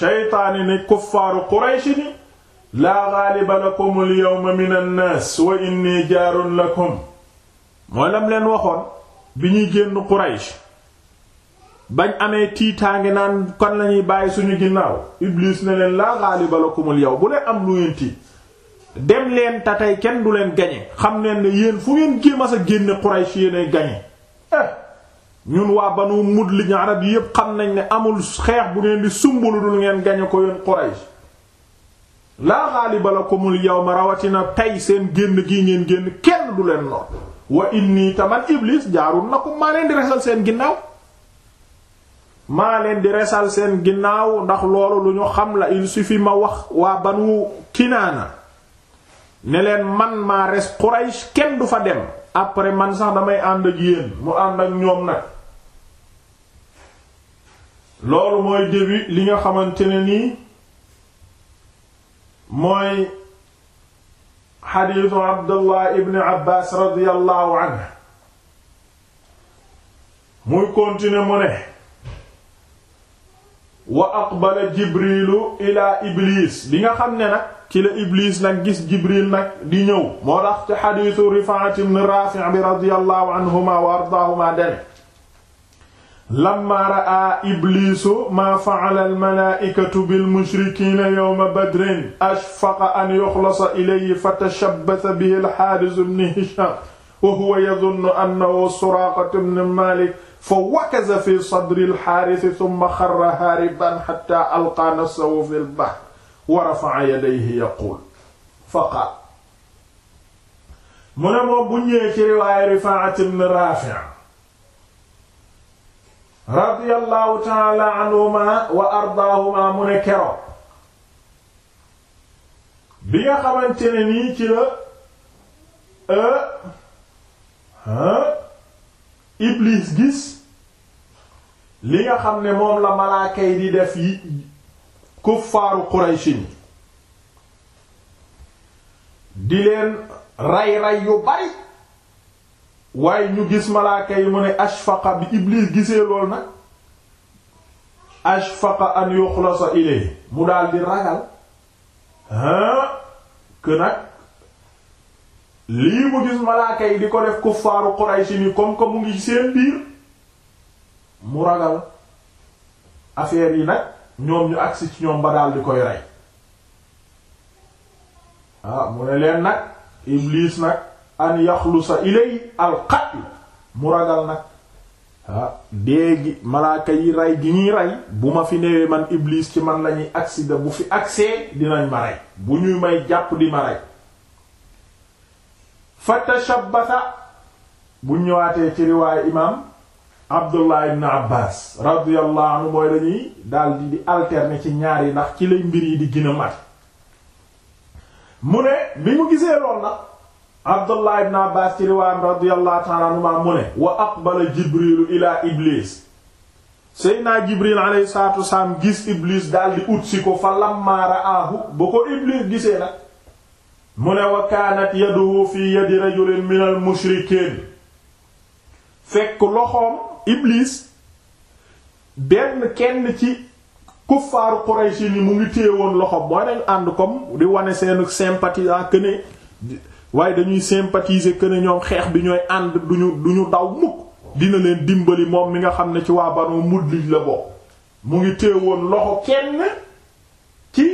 sheytaani ni kuffaaru qurayshi ni laa gaaliba lakum al min an naas wa inni jaarun lakum mooy lam leen waxoon bi ñuy génn Quraysh bañ amee tiitaange naan kon lañuy bàyyi suñu ginnaaw Iblis ne leen laa gaaliba lakumul yow bu leen am lu ngeen tiit dem leen te tey kenn du leen gañe xam neen ne yéen fu ngeen gémma sa génne Quraysh yéenay gañe eh, ñun waa Banu Mudlij arab yi yépp xam nañ ne amul xeex bu ngeen di sumbulu dul ngeen gañe ko yéen Quraysh laa gaaliba lakumul yow ma rawatina tey seen génn gi ngeen génn kenn du leen noon wa inni taman iblis jaarul na ko maa leen di resal seen ginnaaw maa leen di resal seen ginnaaw ndax loolu lu ñu xam la il suffit ma wax waa banu kinaana ne leen man maa res Quraysh kenn du fa dem après man sax damay ànd ak yéen mu ànd ak ñoom nag loolu mooy début li nga xamante ne nii mooy xadiisu abdullah ibn abbas radiallahu anhu muy continuer mu ne wa aqbala jibrilu ila iblis bi xam ne nag ci la iblis nag gis jibril nag di ñëw moo tax ci xadiisu rifaat ibn rafi' bi anhuma wa ardaahuma dene lamma ra'a ibliisu maa fa'ala almalaaikatu bilmushrikiina yawma badrin ashfaqa an yuxlasa ilayhi fatashabbasa bihi alxaaris ibn hisham wa huwa yadunnu annahu suraaqatu ibn maalik fa wakaza fi sadri alxaaris summa xarra haariban xattaa alqaa nafsahu fil bahr wa rafa'a yadayhi yaquul faqaal mu ne moom bu ñëwee ci riwaaya rifaa'at ibn raafi' radiyallahu taala anhuma wa ardaahuma mu ne kero bi nga xamante ne nii ci la euh, iblis gis li nga xam ne moom la malaaka yi di def yi kuffaaru qurayshini di leen ray ray yu bari waaye ñu gis malaaka yi mu ne ashfaqa bi iblis gisee lool nag ashfaqa an yuxlasa ilay mu daal di ragal ha que nag lii mu gis malaaka yi di ko def kuffaaru Quraysh ni comme que mu ngi seen biir mu ragal affaire yi nag ñoom ñu agsi ci ñoom ba daal di koy rey ah mu ne leen nag iblis nag an yaxlusa ilay alqatl mu ragal nag ah déegi malaaka yi rey gi ñuy rey bu ma fi newee man iblis ci man lañuy accident bu fi agsee dinañ ma rey bu ñu may jàpp di ma rey fa tashabbasa bu ñëwaatee ci riwaayu imaam abdullah ibn abbas radiyallahu anhu mooy dañuy daldi di alterner ci ñaar yi ndax ci lay mbir yi di gën a mu ne bi mu gisee lool nag abdullah ibn abbas ci riwaayam radiyallahu mu ne wa aqbala jibrilu ila iblis seydna jibril alayhi salatu wasalaam gis iblis daldi utsi ko fa lamma ra'aahu ba ko iblis gisee nag mu ne wa kaanat yaduhu fi yadi rajulin min al mushrikiin fekk loxoom iblis benn kenn ci kuffaaru Quraysh ni mu ngi téye woon loxo boo leen ànd comme di wane seenu sympathie ah, que waaye dañuy sympathiser que ne ñoom xeex bi ñooy ànd duñu duñu daw mukk dina leen dimbali moom mi nga xam ne ci waa Banu Mudlij la bokk mu ngi teewoon loxo kenn ci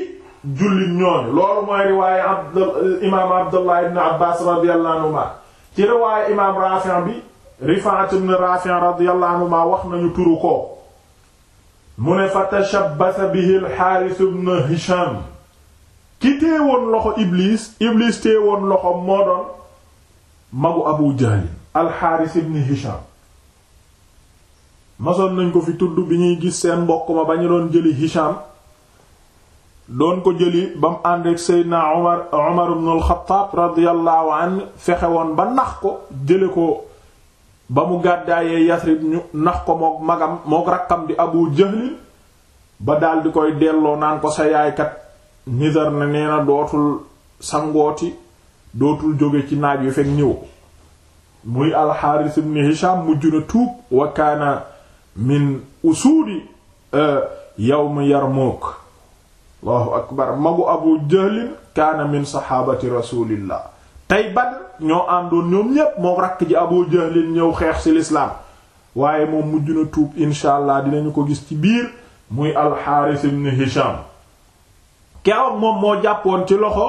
jullit ñooñu loolu mooy riwaaye Abd imaam Abdullah ibn Abbas radiyallahu ci riwaaye imaam Rafi' bi Rifa'at ibn Rafi' radiyallahu wax nañu turu ko mu ne fa tashabbasa bihi al-Harith Hisham ki téewoon loxo iblis iblis téewoon loxo moo doon magu abu jahlin alxaaris ibn hisham masoon nañ ko fi tudd bi ñuy gis seen mbokk ma ba ñu doon jëli hisham doon ko jëli ba mu ànd ak seydna umar umar ibn alxataab radiallahu an fexe woon ba nax ko jële ko ba mu gàddaayee yasrib ñu nax ko mook magam mook rakkam di abu jahlin ba daldi koy delloo naan ko sa yaaykat nizar na nee dootul sangooti dootul jóge ci naaj yu fekk ñëw muy alxaaris ibn hisham mujj na tuub wa kaana min usuudi e, yawm yarmook allahu akbar magu abu jahlin kaana min saxaabati rasulillah tey Badr ñoo àndoon ñoom ñépp moom rakk ji abu jahlin ñëw xeex ci lislaam waaye moom mujj na tuub incha allah dinañu ko gis ci biir muy alxaaris ibn hisham keroog moom moo jàppoon ci loxo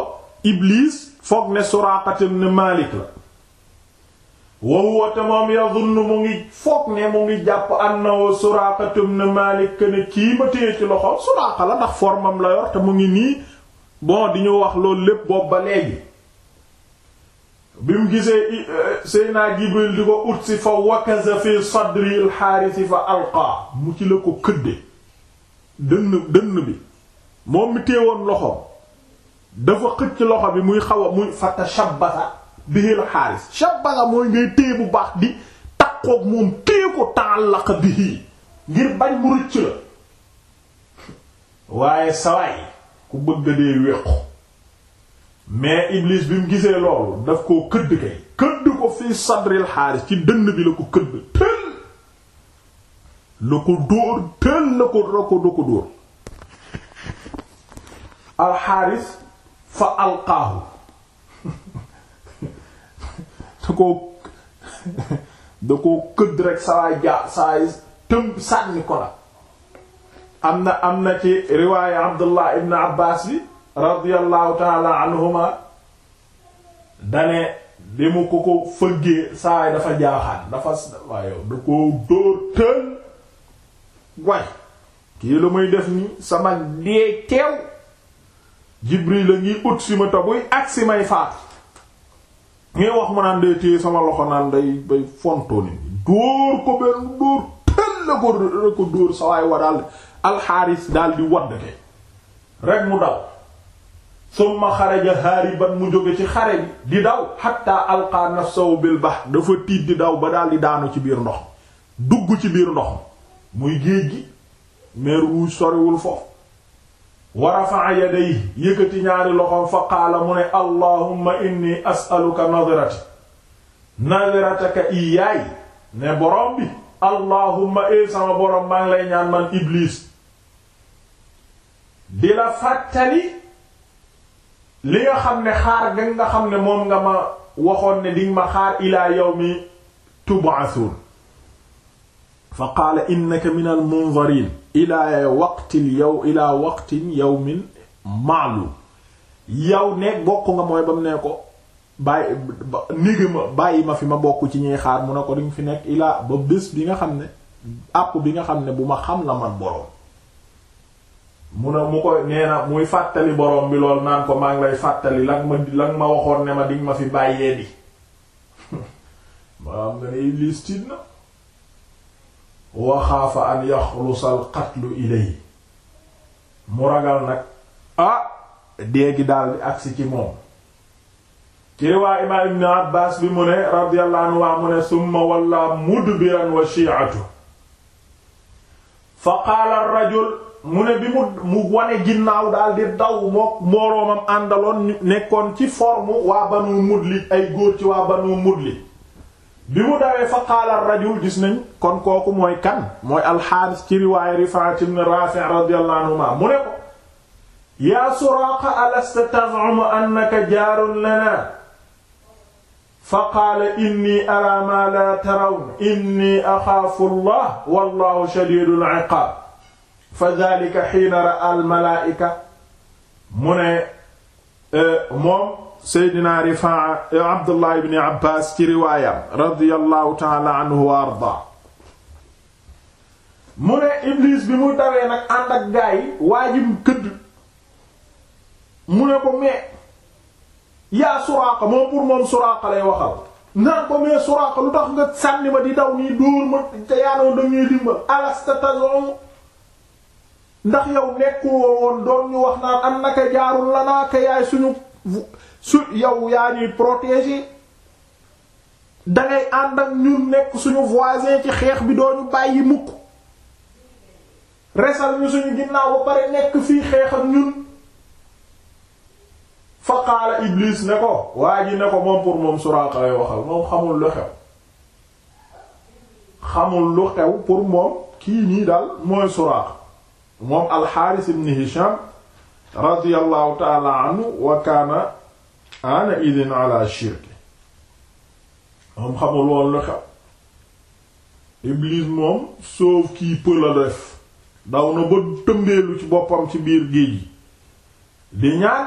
Iblis foog ne Suraaqa ibn Maalik la wa huwa moom yazunnu mu ngi foog ne mu ngi jàpp annahu Suraaqa ibn Maalik ne kii ma téye ci loxo Suraaqa la ndax formam la yor te mu ngi nii bon di ñu wax lépp boobu ba bi mu gisee euh, Seydina Jibril di ko ut si fa wakaza fi sadri al-Haaris fa alqaa mu ci la ko këdde dënn dënn bi moom mi téewoon loxo dafa xëcc loxo bi muy xaw a muy fàtta shabbasa bihil xaaris shabbasa mooy ngay téye bu baax di takkoog moom téye ko ta'allaq bihi ngir bañ mu rëcc la waaye sawaay ku bëgg dee wéqu mais iblis bi mu gisee loolu daf koo këdd kay këdd ko fii sadril xaaris ci dënn bi la ko këdd tël la ko dóor tël la ko la alxaaris fa alqaahu da koo da koo këdd rek sawaay jaa sawaay tëmb sànni ko la am na am na ci riwaaye abdullah ibn abbas bi radiallahu taala anhuma dane bi mu ko ko fëggee sawaay dafa jaaxaan dafa waaye da koo dóor tël way kii lu muy def ni sama dee teew Jibril la ngi ut si ma te buy ak si may faatu ngay wax ma naan day téye sama loxo naan day bay fontoo ni dóor ko benn dóor tël la ko dóor sa wa daal alxaaris daal di waddate rek mu daw summa xaraja haariban mu jóge ci xare di daw xatta alqa nafsahu bil bahr dafa tiit di daw ba daal di daanu ci biir ndox dugg ci biir ndox muy géej gi mer soriwul foofu wa rafa'a yadayhi yëkkati ñaari loxoom fa qaala mu ne allahumma inni as'aluka nadrati nadrataka iyaay ne borom bi allahumma ee eh, sama borom maa ngi lay ñaan man iblis di la fàttali li nga xam ne xaar ga nga xam ne moom nga ma waxoon ne dinga ma xaar ilaa yawmi tub'athun fa qaala innaka min al munzariin ilaa waqtil yow ilaa waqtin yawmin ma'lum yow ne bokk nga mooy ba ne ko bàyyi néega ma bàyyi ma fi ma bokk ci ñuy xaar mu ne ko duñ fi nekk ilaa ba bés bi nga xam ne àpp bi nga xam ne bu ma xam la man boroom mu ne mu koy nee muy fàttali boroom bi lool naan ko maa ngi lay fàttali lan ma lan ma waxoon ne ma diñ ma fi bàyyee di ma am nga ne Iblis tiit na wa xaafa an yaxlusal qatlu ilay mu ragal nag ah dee gi daldi agsi ci moom ci riwaa imaam ibn Abbaas bi mu ne radiyallahu anhu waa mu ne summa walla mudbiran wa shi'atu fa qaala rajul mu ne bi mu mu wane ginnaaw daal daw mook moroomam àndaloon nekkoon ci forme waa Banu Mudlij ay góor ci waa Banu Mudlij bi mu dawee fa qaala rajul gis nañ kon kooku mooy kan mooy alxaaris ci riwaaya Rifaa'a ibn Raafi' radiyallahu anhuma mu ne ko yaa Suraaqa alasta tazumu annaka jaarun lana fa qaala inni araa maa laa tarawna inni axaafu llah wallahu shadiidul iqaab fa daalika hiina ra'al malaa'ika mu ne eh, moom seydina rifaa eh, abdullah ibni abbas ci riwaayam radiallahu taala anhu wa arda mu ne iblis bi mu dawee nag ànd ak gaa yi këdd mu ne ko mais yaa suraaqa moom pour moom suraaqa lay waxal naan ko mais suraaqa lu tax nga sànni ma di daw nii dóor ma te yaanoon dañuy dimba alasta tazon ndax yow nekkul woon doon ñu wax naan an jaarul la naaka yaay suñu su yow yaa ñuy protéger dangay ànd ak ñun nekk suñu voisin ci xeex bi doo ñu bàyyi mukk resal ñu suñu ginnaaw ba pare nekk fii xeex ak ñun fa qaala Iblis ne ko waa ji ne ko moom pour moom Suraaqa lay waxal moom xamul lu xew xamul lu xew pour moom kii nii daal mooy Suraaqa moom Al Haaris Hisham radiyallahu taala anhu wa ana idin ala shirki moom xamul woon lu xew Iblis moom sauf kii pëla def daw na ba tëmbeelu ci boppam ci biir géej gi di ñaan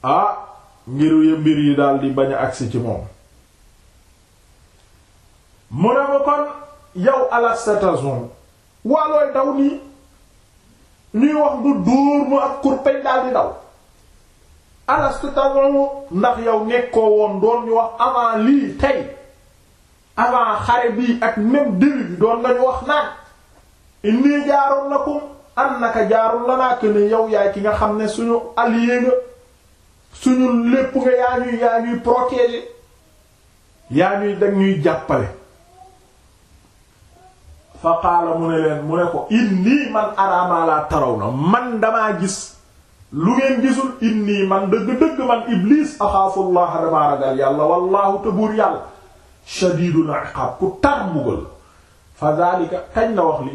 ah ngir mbir yi daal di bañ a agsi ci moom mu ne ma kon yow alastatation waalooy daw nii ñuy wax du dóor mu ak kurpeñ daal di daw alastu tad'u ndax yow nekkoo woon doon ñu wax avant lii tey avant xare bii ak même début bi doon nañu wax naan inni jaarul lakum annaka jaarul lanaa ne yow yaay ki nga xam ne suñu allié nga suñu lépp nga yaa ñuy yaa ñuy protéger yaa ñuy dag ñuy jàppale fa qaala mu ne leen mu ne ko inni man araa maa laa taraw na man damaa gis lu ngeen gisul inni man dëgg-dëgg man iblis axaafullaha damaa ragal yàlla wallaahu te buur yàlla shadiidul iqaab ku tar mbugal fa zaalika kañ la wax li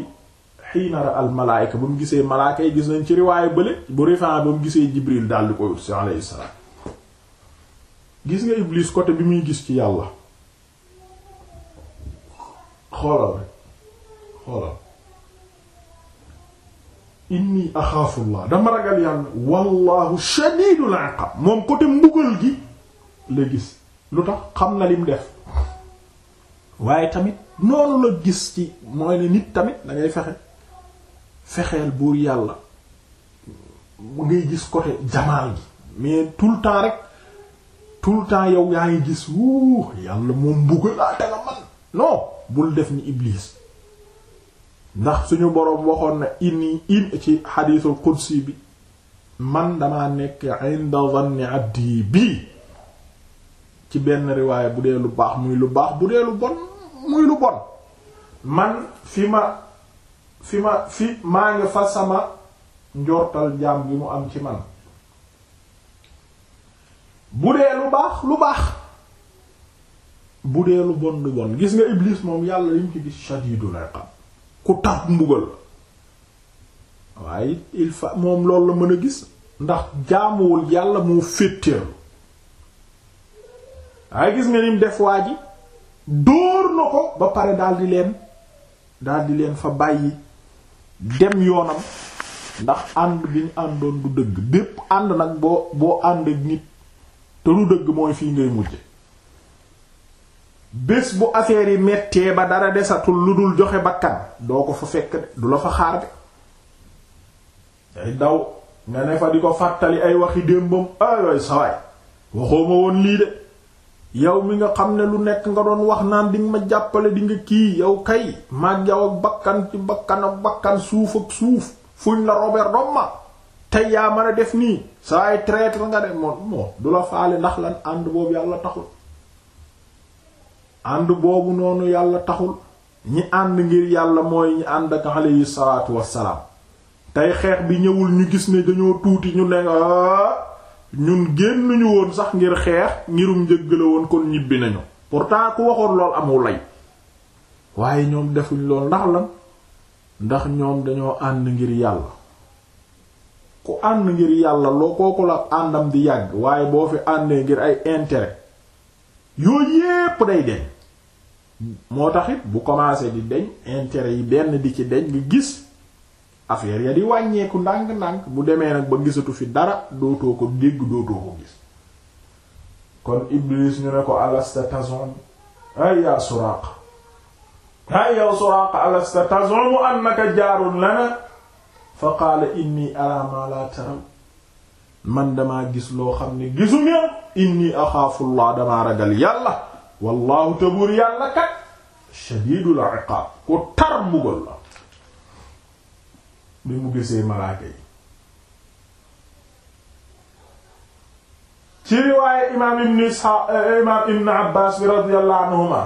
xiina ra al malaayika mu gisee malaaka gis nañ ci riwaayu bële bu rifan ba mu gisee jibril daal di ko si alayhi salaam gis nga iblis côté bi muy gis ci yàlla xoolal xoolal inni axaafullah dama ragal yàlla wallahu shadidul iqab moom côté mbugal gi la gis lu tax xam na lim def waaye tamit noonu la gis ci mooy ne nit tamit da ngay fexe fexeel buur yàlla mu ngay gis côté jamaal gi mais tout le temps rek tout le temps yow yaa ngi gis wuu yàlla moom mbugal laa danga man non bul def ni iblis ndax suñu boroom waxoon na inni in ci xadiisul qudsi bi man damaa nekk inda zanni abdi bii ci benn riwaaya bu dee lu baax muy lu baax bu dee lu bon muy lu bon man fi ma fi ma fi maa ngi fa sama njortal jaam bi mu am ci man bu dee lu baax lu baax bu dee lu bon lu bon gis nga iblis moom yàlla li mu ci gis shadiidul iqaab ku tar mbugal waaye il fa moom loolu la mën a gis ndax jaamuwul yàlla moo féeteeru waaye gis nga ni def waa ji dóor na ko ba pare di leen daldi leen fa bàyyi dem yoonam ndax ànd bi ñu àndoon du dëgg bépp ànd nag boo boo ànd ak nit te du dëgg mooy fii ngay mujje bés bu affaire yi mettee ba dara desatul lu dul joxe bakkan doo ko fa fekk du la fa xaar de day daw nga ne fa di ko fàttali ay waxi démbam ay waxoo ma woon lii de yow mi nga xam ne lu nekk nga doon wax naan di ma jàppale di kii yow kay mag yow ak bakkan ci bakkan ak bakkan suuf ak suuf fuñ la Robert dom ma tey yaa mën a def nii sa ay traître nga de moom du la faale ndax lan ànd boobu yàlla taxul ànd boobu noonu yàlla taxul ñi ànd ngir yàlla mooy ñi ànd ak aleyhi salaatu tey xeex bi ñëwul ñu gis ne dañoo tuuti ñu ne ah, ñun génnuñu woon sax ngir xeex ngirum njëgg la woon kon ñibbi nañu pourtant ku waxoon lool amul lay waaye ñoom defuñ lool ndax lan ndax ñoom dañoo ànd ngir yàlla ku ànd ngir yàlla loo kooku la àndam di yàgg waaye boo fi àndee ngir ay intere yooyu yépp day deñ moo tax bu commencé di deñ intérêt yi benn di ci deñ nga gis affaire ya di wàññeeku ndànk-ndànk bu demee nag ba gisatu fi dara dootoo ko dégg dootoo ko gis kon Iblis ñu ne ko alasta tazon ay yaa Suraaqa ay yaa Suraaqa alasta tazon annaka jaarun lana fa qaala inni ara ma la man damaa gis loo xam ne gisu ngeen inni axaafullah damaa ragal yàlla wallaahu te buur yàlla kat shadiidul iqaab ku tar mbugal la bi mu gisee malaaka yi ci riwaaya imaam ibn Isxaaq eh, imaam ibn Abbaas bi radiyallahu anhuma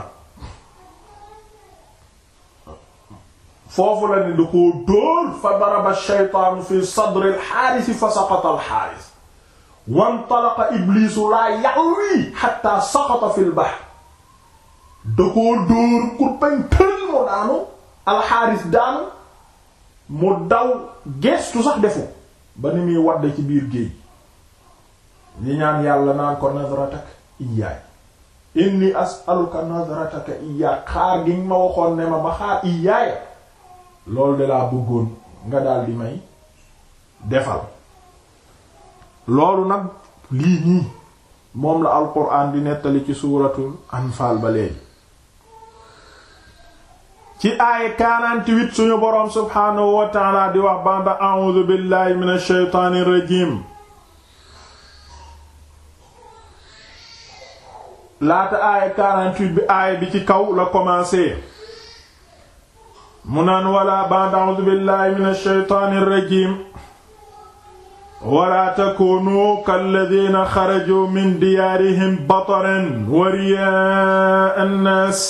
foofu la ne da koo dóor fa daraba shaytaanu fi sadri alxaaris fa saqata alxaaris wantalaqa ibliisu laa ya'wi xatta saqata fi lbahr da koo dóor kur bañ tël mu daanu alxaaris daanu mu daw geestu sax defu ba ni muy wadd ci biir géej ñi ñaan yàlla naan ko nadratak iyaay inni as'aluka nadrataka iyaay xaar gi ma waxoon ne ma ma xaar iyaay loolu de laa bëggoon nga daal may defal loolu nag lii nii moom la alquran di nettali ci suuratul anfaal ba léegi ci aaya 48 suñu boroom subhaanahu wa di wax banda a'uudu billahi minash shaytaanir rajiim laata aaya 48 bi aaya bi ci kaw la commencé mu naan wala ba'd a'uudu billahi min ash-shaytaani ir-rajiim wala takuunu kalladhiina xarajuu min diyaarihim bataran wa riyaa an-naas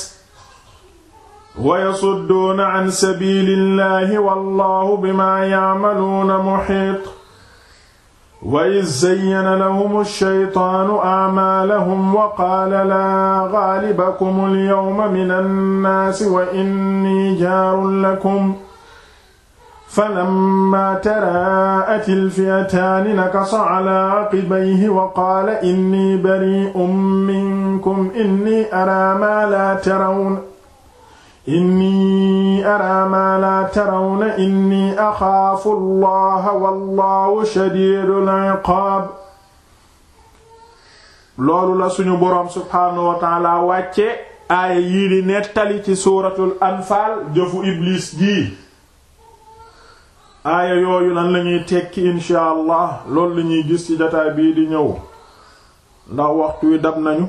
wa yasudduuna an sabiilillahi wallaahu bimaa ya'maluuna muhiit wa iz zayyana lahum ash-shaytaanu a'maalahum wa qaala laa ghaalibakum al-yawma mina an-naasi wa innii jaarun lakum falammaa taraa'ati al-fiyataani nakasa 'alaa 'aqibayhi wa qaala innii barii'un minkum innii araa maa laa tarawna inni araa maa tarawna inni axaafu allaha wallahu shadiidul iqaab loolu la suñu boroom subhaanahu wa wàcce aaya yii di nettali ci suuratul anfaal jëfu iblis jii aaya yooyu nan lañuy tekki inshaa allah loolu lañuy gis ci jotaay bii di ñëw ndax waxtu wi dab nañu